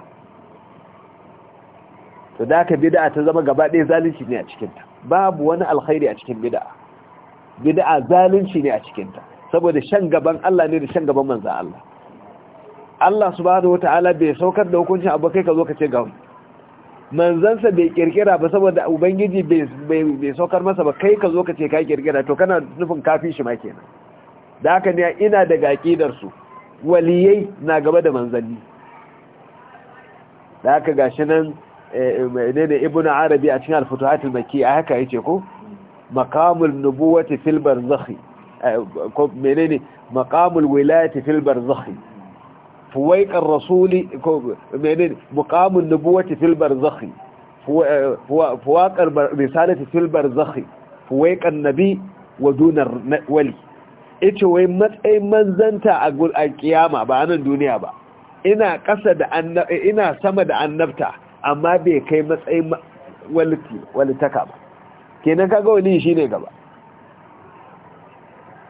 to da aka bid'a ta zama gaba ɗaya zalunci ne a cikinta babu wani alkhairi a cikin bid'a bid'a zalunci ne a cikinta saboda shan gaban Allah ne da shan gaban manzan Allah Allah subhanahu ta'ala bai saukar da hukuncin abokai ka zo ka ce ga manzansa bai kirkira ba saboda ubangiji bai saukar masa ba kai ka zo ka ce ka kirkira to kana nufin kafi shi ma kenan da haka ne ina da aqidar su waliyai na gaba da manzanni da haka gashi nan eh, ne ne ibn arabi a cikin al-futuhat al-makki a haka yace ko maqamul nubuwati fil barzakh eh, ko menene maqamul wilayati fil barzakh fuwaiqar rasuli ko menene muqamun nubuwati fil barzakh fuwaqar risalati fil barzakh fuwaiqan nabi wa dunar wali ita wai matsayin manzanta a kiyama ba anan duniya ba ina ƙasa da ina sama da annabta amma bai kai matsayin walitaka ba kenan kaga wani shine gaba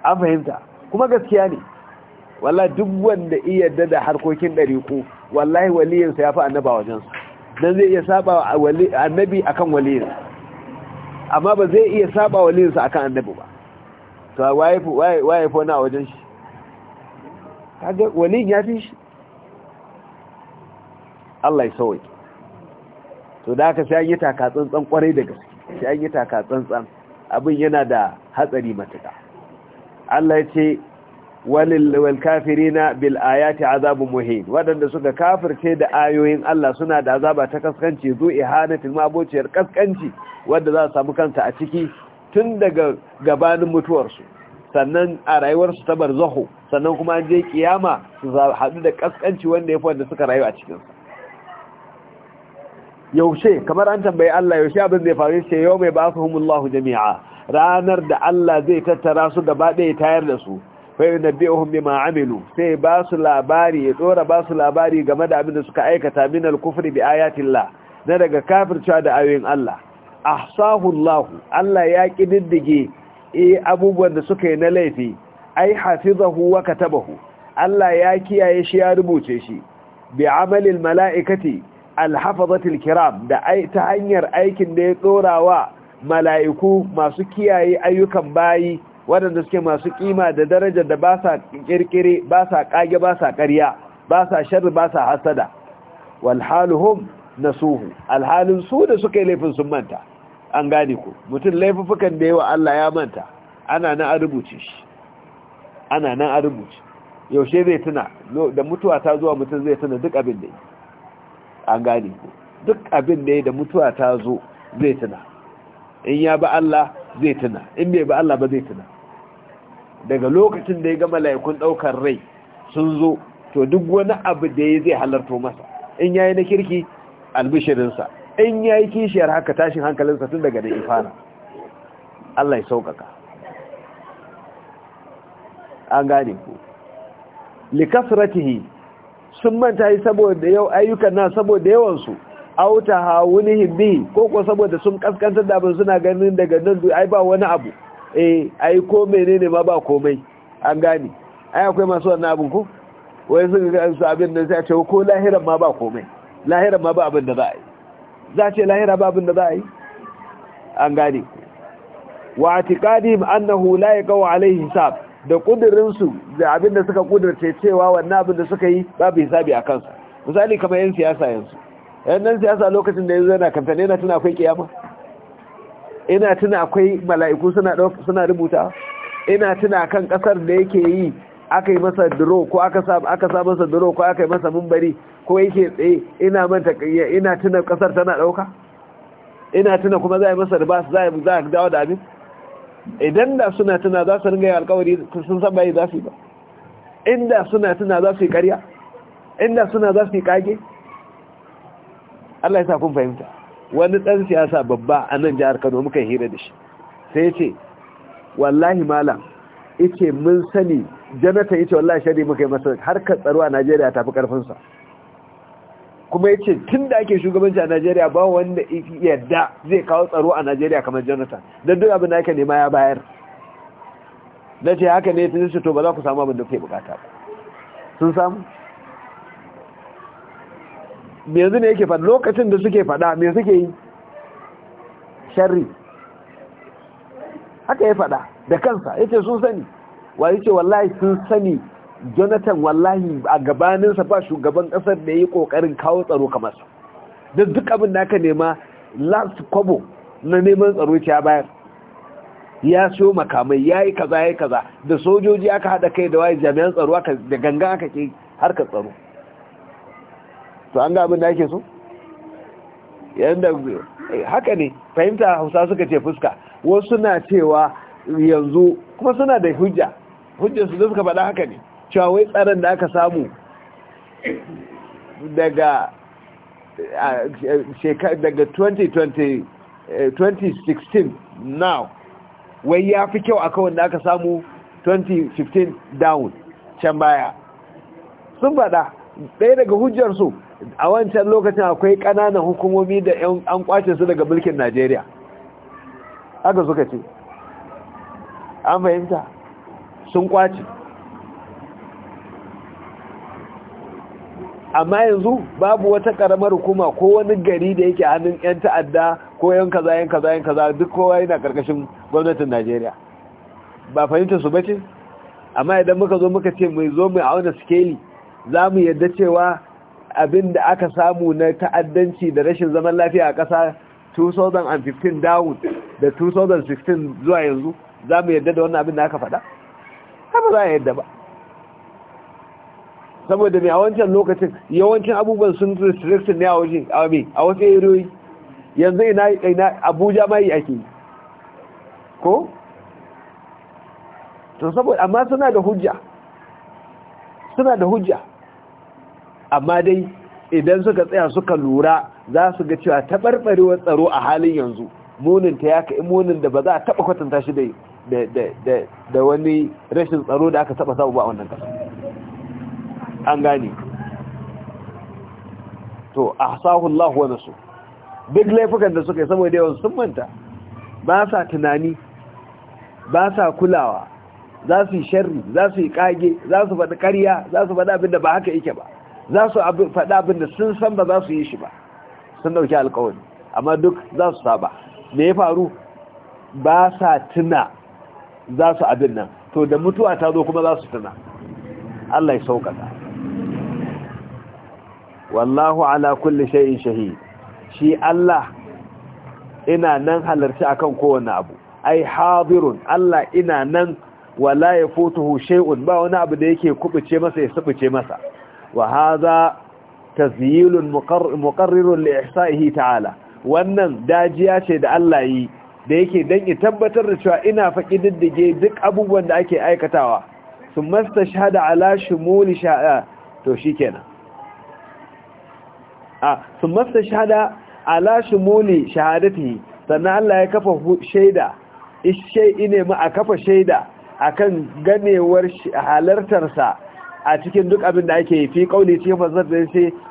an fahimta kuma gaskiya ne Wala duk wanda iya dada harkokin ɗariƙo wallahi waliyinsa ya fi annaba wajensu don zai iya saba annabi akan waliyinsa amma ba zai iya saba waliyinsa akan annabi ba to waye fona a wajen shi kaga waliyin ya fi shi Allah ya sauwa to da haka sai an yi taka tsantsan kwarai da gaske sai an yi taka tsantsan abin yana da hatsari matuka. Allah ya ce walil kafirina bil ayati azabun muhin wadanda suka kafirce da ayoyin Allah suna da azaba ta kaskanci zu ihanatil mabociyar kaskanci wanda za su samu kanta a ciki tun daga gabanin mutuwarsu sannan a rayuwarsu ta barzaho sannan kuma an je kiyama su haɗu da kaskanci wanda ya fi wanda suka rayu a cikinsa yaushe kamar an tambayi Allah yaushe abin zai faru sai yau mai ba su humullahu jami'a ranar da Allah zai tattara su gaba ɗaya tayar da su fayu na bi'ahun sai ba su labari ya tsora ba su labari game da abin da suka aikata min al-kufri bi ayatillah na daga kafircewa da ayoyin Allah ahsahu Allah ya kididdige e abubuwan da suka yi na laifi ai hafizahu wa katabahu Allah ya kiyaye shi ya rubuce shi bi amalil mala'ikati alhafazatil kiram da ta hanyar aikin da ya wa mala'iku masu kiyaye ayyukan bayi waɗanda suke masu kima da darajar da ba sa ƙirƙiri ba sa ƙage ba sa ƙarya ba sa sharri ba sa hasada walhaluhum nasuhu alhalin su da suka yi laifin sun manta an gane ku mutum laifukan da yawa Allah ya manta ana nan a rubuce shi ana nan a rubuce yaushe zai tuna da mutuwa ta zuwa mutum zai tuna duk abin da yi an gane ku duk abin da yi da mutuwa ta zo zai tuna in ya ba Allah zai tuna in bai ba Allah ba zai tuna daga lokacin da ya gama mala'ikun ɗaukar rai sun zo to duk wani abu da ya zai halarto masa in yayi na kirki albishirinsa in yayi kishiyar haka tashin hankalinsa tun daga da ifana Allah ya sauƙaƙa an gane ku likasratihi sun manta yi saboda yau ayyukan na saboda yawansu auta hawunihim bihi ko ko saboda sun kaskantar da abin suna ganin daga nan ai ba wani abu yi eh, ai ko menene ma ba komai an gane ai akwai masu wannan abin ku wai sun ga su abin da sai ce ko lahiran ma ba komai lahiran ma ba abin da za a yi za ce lahira ba abin da za a yi an gane wa atiqadihim annahu la yaqaw alayhi hisab da kudirin su da abin da suka kudirce cewa wannan abin da suka yi babu hisabi a su misali kamar yan siyasa yanzu yan nan siyasa lokacin da yanzu yana kamfani na tana akwai kiyama ina tuna akwai mala'iku suna rubuta ina tuna kan kasar da yake yi aka yi masa duro ko aka sa masa duro ko aka yi masa mumbari ko yake tsaye ina manta ina tuna kasar tana dauka ina tuna kuma za a yi masa da za a za a dawo da abin idan da suna tuna za su ringa yi alkawari sun san bai za su yi ba inda suna tuna za su yi karya inda suna za su yi kage Allah ya sa kun fahimta wani ɗan siyasa babba a nan jihar kano muka hira da shi sai ce wallahi malam ice mun sani janata yace wallahi shari muka yi masa harkar tsaro a najeriya ta fi ƙarfinsa. kuma ce tun da ake shugabanci a najeriya ba wanda yadda zai kawo tsaro a najeriya kamar janata don duk abin da aka nema ya bayar na ce haka ne tun to ba za ku samu abin da kuke bukata sun samu me yanzu ne yake faɗa lokacin da suke faɗa me suke yi sharri haka ya faɗa da kansa yace sun sani wa yace wallahi sun sani Jonathan wallahi a gabaninsa ba shugaban ƙasar da ya yi ƙoƙarin kawo tsaro kamar sa da duk abin da aka nema last kobo na neman tsaro ya bayar ya siyo makamai ya yi kaza ya yi kaza da sojoji aka haɗa kai da waye jami'an tsaro da ganga aka ke harkar tsaro to an ga abin da ake so yanda haka ne fahimta hausa suka ce fuska wasu na cewa yanzu kuma suna da hujja hujjar su da suka faɗa haka ne cewa wai tsaron da aka samu daga daga 2016 eh, now wai ya fi kyau a kawai da aka samu 2015 down can baya sun faɗa ɗaya daga hujjarsu a wancan lokacin akwai ƙananan hukumomi da an kwace su daga mulkin najeriya haka suka ce an fahimta sun kwace amma yanzu babu wata karamar hukuma ko wani gari da yake hannun 'yan ta'adda ko 'yan kaza 'yan kaza 'yan kaza duk kowa yana karkashin gwamnatin najeriya ba fahimta su bace amma idan muka zo muka ce mai zo mai auna skeli za mu yadda cewa abin da aka samu na ta'addanci da rashin zaman lafiya a ƙasa 2015 down da 2016 zuwa yanzu za mu yadda da wannan abin da aka faɗa? ba za a yadda ba saboda mai a wancan lokacin yawancin abubuwan sun restriction ne a waje a wasu eriyoyi yanzu ina abuja mai ake yi ko? to saboda amma suna da hujja suna da hujja amma dai idan suka tsaya suka lura za su ga cewa taɓarɓarewar tsaro a halin yanzu munin ta ya kai munin da ba za a taɓa kwatanta shi da da wani rashin tsaro da aka taɓa samu ba a wannan ƙasa an gane to a sahullahu wani su duk laifukan da suka yi saboda yawan sun manta ba sa tunani ba sa kulawa za su yi sharri za su yi kage za su faɗi ƙarya za su faɗi abin da ba haka yake ba za su faɗa abin da sun san ba za su yi shi ba sun ɗauki alkawari amma duk za su saba me ya faru ba sa tuna za su abin nan to da mutuwa ta zo kuma za su tuna Allah ya saukata wallahu ala kulli shay'in shahid shi Allah ina nan halarci akan kowanne abu ai hadirun Allah ina nan wala yafutuhu shay'un ba wani abu da yake kubuce masa ya subuce masa wa hadha tazyilun muqarrirun li ta'ala wannan dajiya ce da Allah yi da yake dan ya tabbatar da cewa ina faki kididdige duk abubuwan da ake aikatawa sun mastashhada ala shumuli sha'a to shikenan sun mastashhada ala shumuli sannan Allah ya kafa shaida ishe ne ma a kafa shaida akan ganewar halartarsa a cikin duk abin da ake yi fi kauli ce manzon da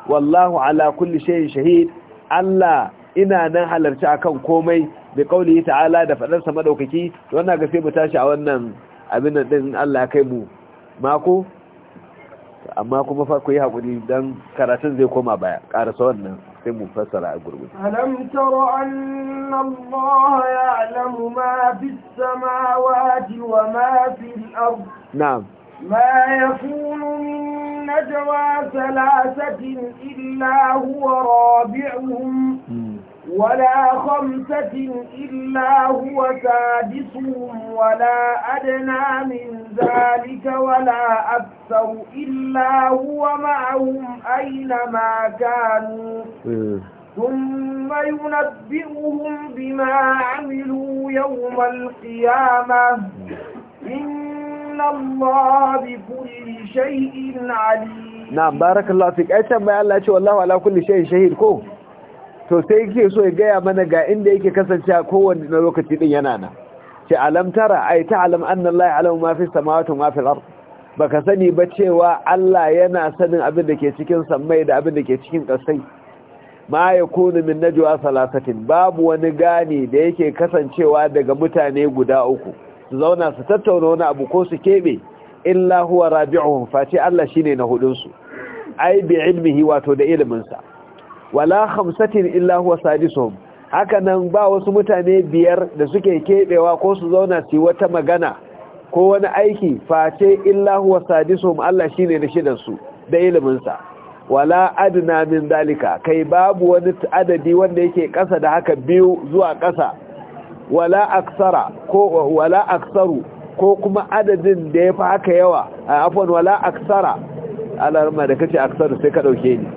wallahu ala kulli shay'in shahid Allah ina nan halarci akan komai mai kauli ta'ala da fadar sama madaukaki to wannan ga sai mu tashi a wannan abin nan din Allah kai mu mako amma kuma fa ku yi hakuri dan karatun zai koma baya karasa wannan sai mu fassara a gurgurdu alam tara anna Allah ya'lamu ma fis samawati ma fil ard ما يكون من نجوى ثلاثة إلا هو رابعهم ولا خمسة إلا هو سادسهم ولا أدنى من ذلك ولا أكثر إلا هو معهم أينما كانوا ثم ينبئهم بما عملوا يوم القيامة إن Na'am الله بكل شيء عليم نعم Allah ce, wallahi ala تنبأ shay'in shahid ko to sai yake so ya gaya mana ga inda yake kasance a kowane na lokaci din yana nan ce alam tara ai ta alam annallahi alam ma fi samawati ma ard baka sani ba cewa Allah yana sanin abin da ke cikin samai da abin da ke cikin ƙasai ma ya yakunu min najwa salasatin babu wani gane da yake kasancewa daga mutane guda uku su zauna su tattauna wani abu ko su keɓe illa huwa rabi'uhum face Allah shine na hudunsu ai bi ilmihi wato da iliminsa. wala khamsatin illa huwa sadisuhum haka nan ba wasu mutane biyar da suke keɓewa ko su zauna su wata magana ko wani aiki face illa huwa sadisuhum Allah shine na shidan da iliminsa. wala adna min dalika kai babu wani adadi wanda yake kasa da haka biyu zuwa kasa wala aksara ko wala aksaru ko kuma adadin da ya fi haka yawa a afon wala aksara alarma da kace aksaru sai ka dauke ni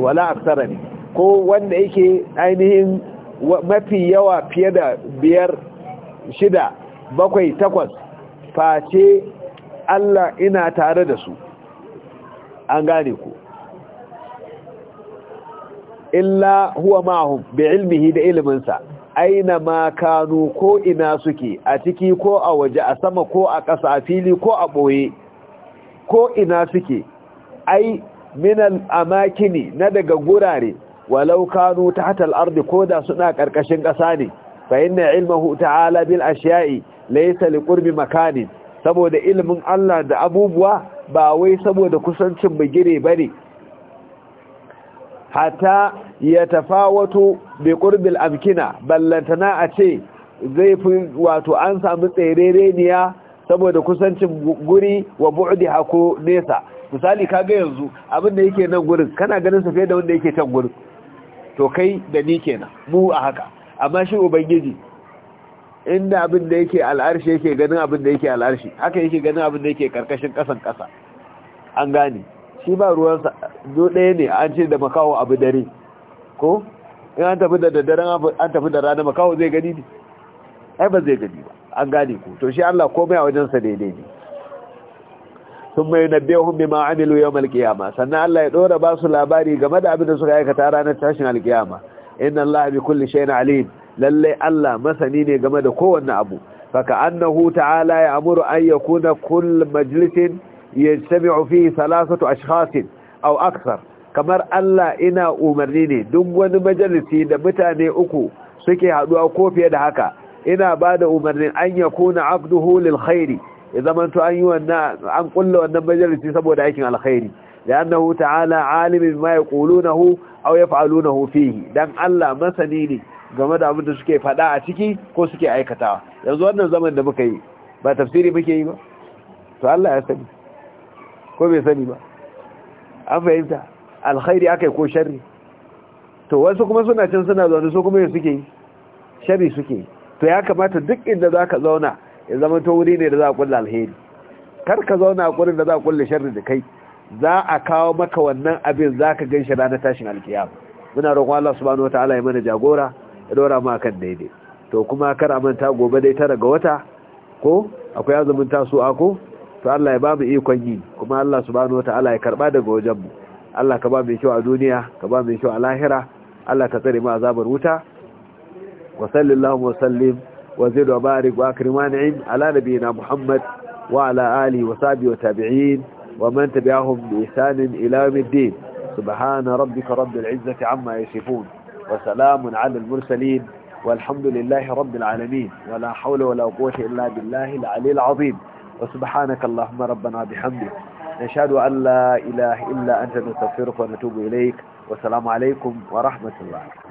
wala aksara ne ko wanda yake ainihin mafi yawa fiye da biyar shida bakwai takwas face Allah ina tare da su an gane ku illa huwa ma'ahum bi ilmihi da iliminsa aina ma kanu ko ina suke a ciki ko a waje a sama ko a ƙasa a fili ko a ɓoye ko ina suke ai minal amakini na daga gurare walau kanu ta hatal ardi ko da suna ƙarƙashin ƙasa ne fa inna ilmahu ta'ala bil ashiya'i laysa li qurbi makani. saboda ilmin Allah da abubuwa ba wai saboda kusancin bigire ne. hatta ya tafawatu bi qurbil amkina ballantana a ce zai fi wato an samu tsere niya saboda kusancin guri wa bu'di hako nesa misali kaga yanzu abin da yake nan gurin kana ganin sa fiye da wanda yake can gurin to kai da ni kenan mu a haka amma shi ubangiji inda abin da yake al'arshi yake ganin abin da yake al'arshi haka yake ganin abin da yake karkashin kasan kasa an gane shi ba ruwansa zo ɗaya ne an ce da makawo abu dare ko in an tafi da daddaren an tafi da rana makawo zai gani ne ai ba zai gani ba an gane ku to shi Allah komai a wajensa daidai ne sun mai na nabbehun bi ma'amilu yau malkiyama sannan Allah ya ɗora ba su labari game da abin da suka aikata ranar tashin alkiyama inna Allah bi kulli shay'in alim lallai Allah masani ne game da kowanne abu faka annahu ta'ala ya amuru an yakuna kull majlisin yajtami'u salasatu thalathatu ashkhas aw akthar kamar Allah ina umarni ne duk wani majalisi da mutane uku suke haduwa ko fiye da haka ina bada umarni an yakuna abduhu lil khairi zaman to an yi wannan an kulla wannan majalisi saboda aikin alkhairi لأنه تعالى عالم بما يقولونه أو يفعلونه فيه dan Allah masani ne game da abin da suke fada a ciki ko suke aikatawa yanzu wannan zaman da muka yi ba tafsiri muke yi ba to Allah ya sani ko bai sani ba an fahimta alkhairi aka yi ko sharri to wasu kuma suna can suna zaune su kuma yi suke yi sharri suke yi to ya kamata duk inda za ka zauna ya zama ta wuri ne da za a kulla alheri kar ka zauna a kurin da za a kulla sharri da kai za a kawo maka wannan abin za ka gan shi ranar tashin alkiya muna roƙon Allah subhanahu wataala ya mana jagora ya dora mu akan daidai to kuma kar a manta gobe dai tara ga wata ko akwai azumin tasu ako to Allah ya ba mu ikon yi kuma Allah subhanahu wataala ya karba daga wajen mu Allah ka ba mu kyau a duniya ka ba mu kyau a lahira Allah ka tsare mu azabar wuta wa sallallahu wa sallim wa zid wa barik wa akrim wa ala nabiyyina Muhammad wa ala alihi wa sahbihi wa tabi'in wa man tabi'ahum bi ihsan ila yawmiddin سبحان ربك رب العزة عما يصفون وسلام على المرسلين والحمد لله رب العالمين ولا حول ولا قوة إلا بالله العلي العظيم وسبحانك اللهم ربنا بحمدك نشهد أن لا إله إلا أنت نستغفرك ونتوب إليك والسلام عليكم ورحمة الله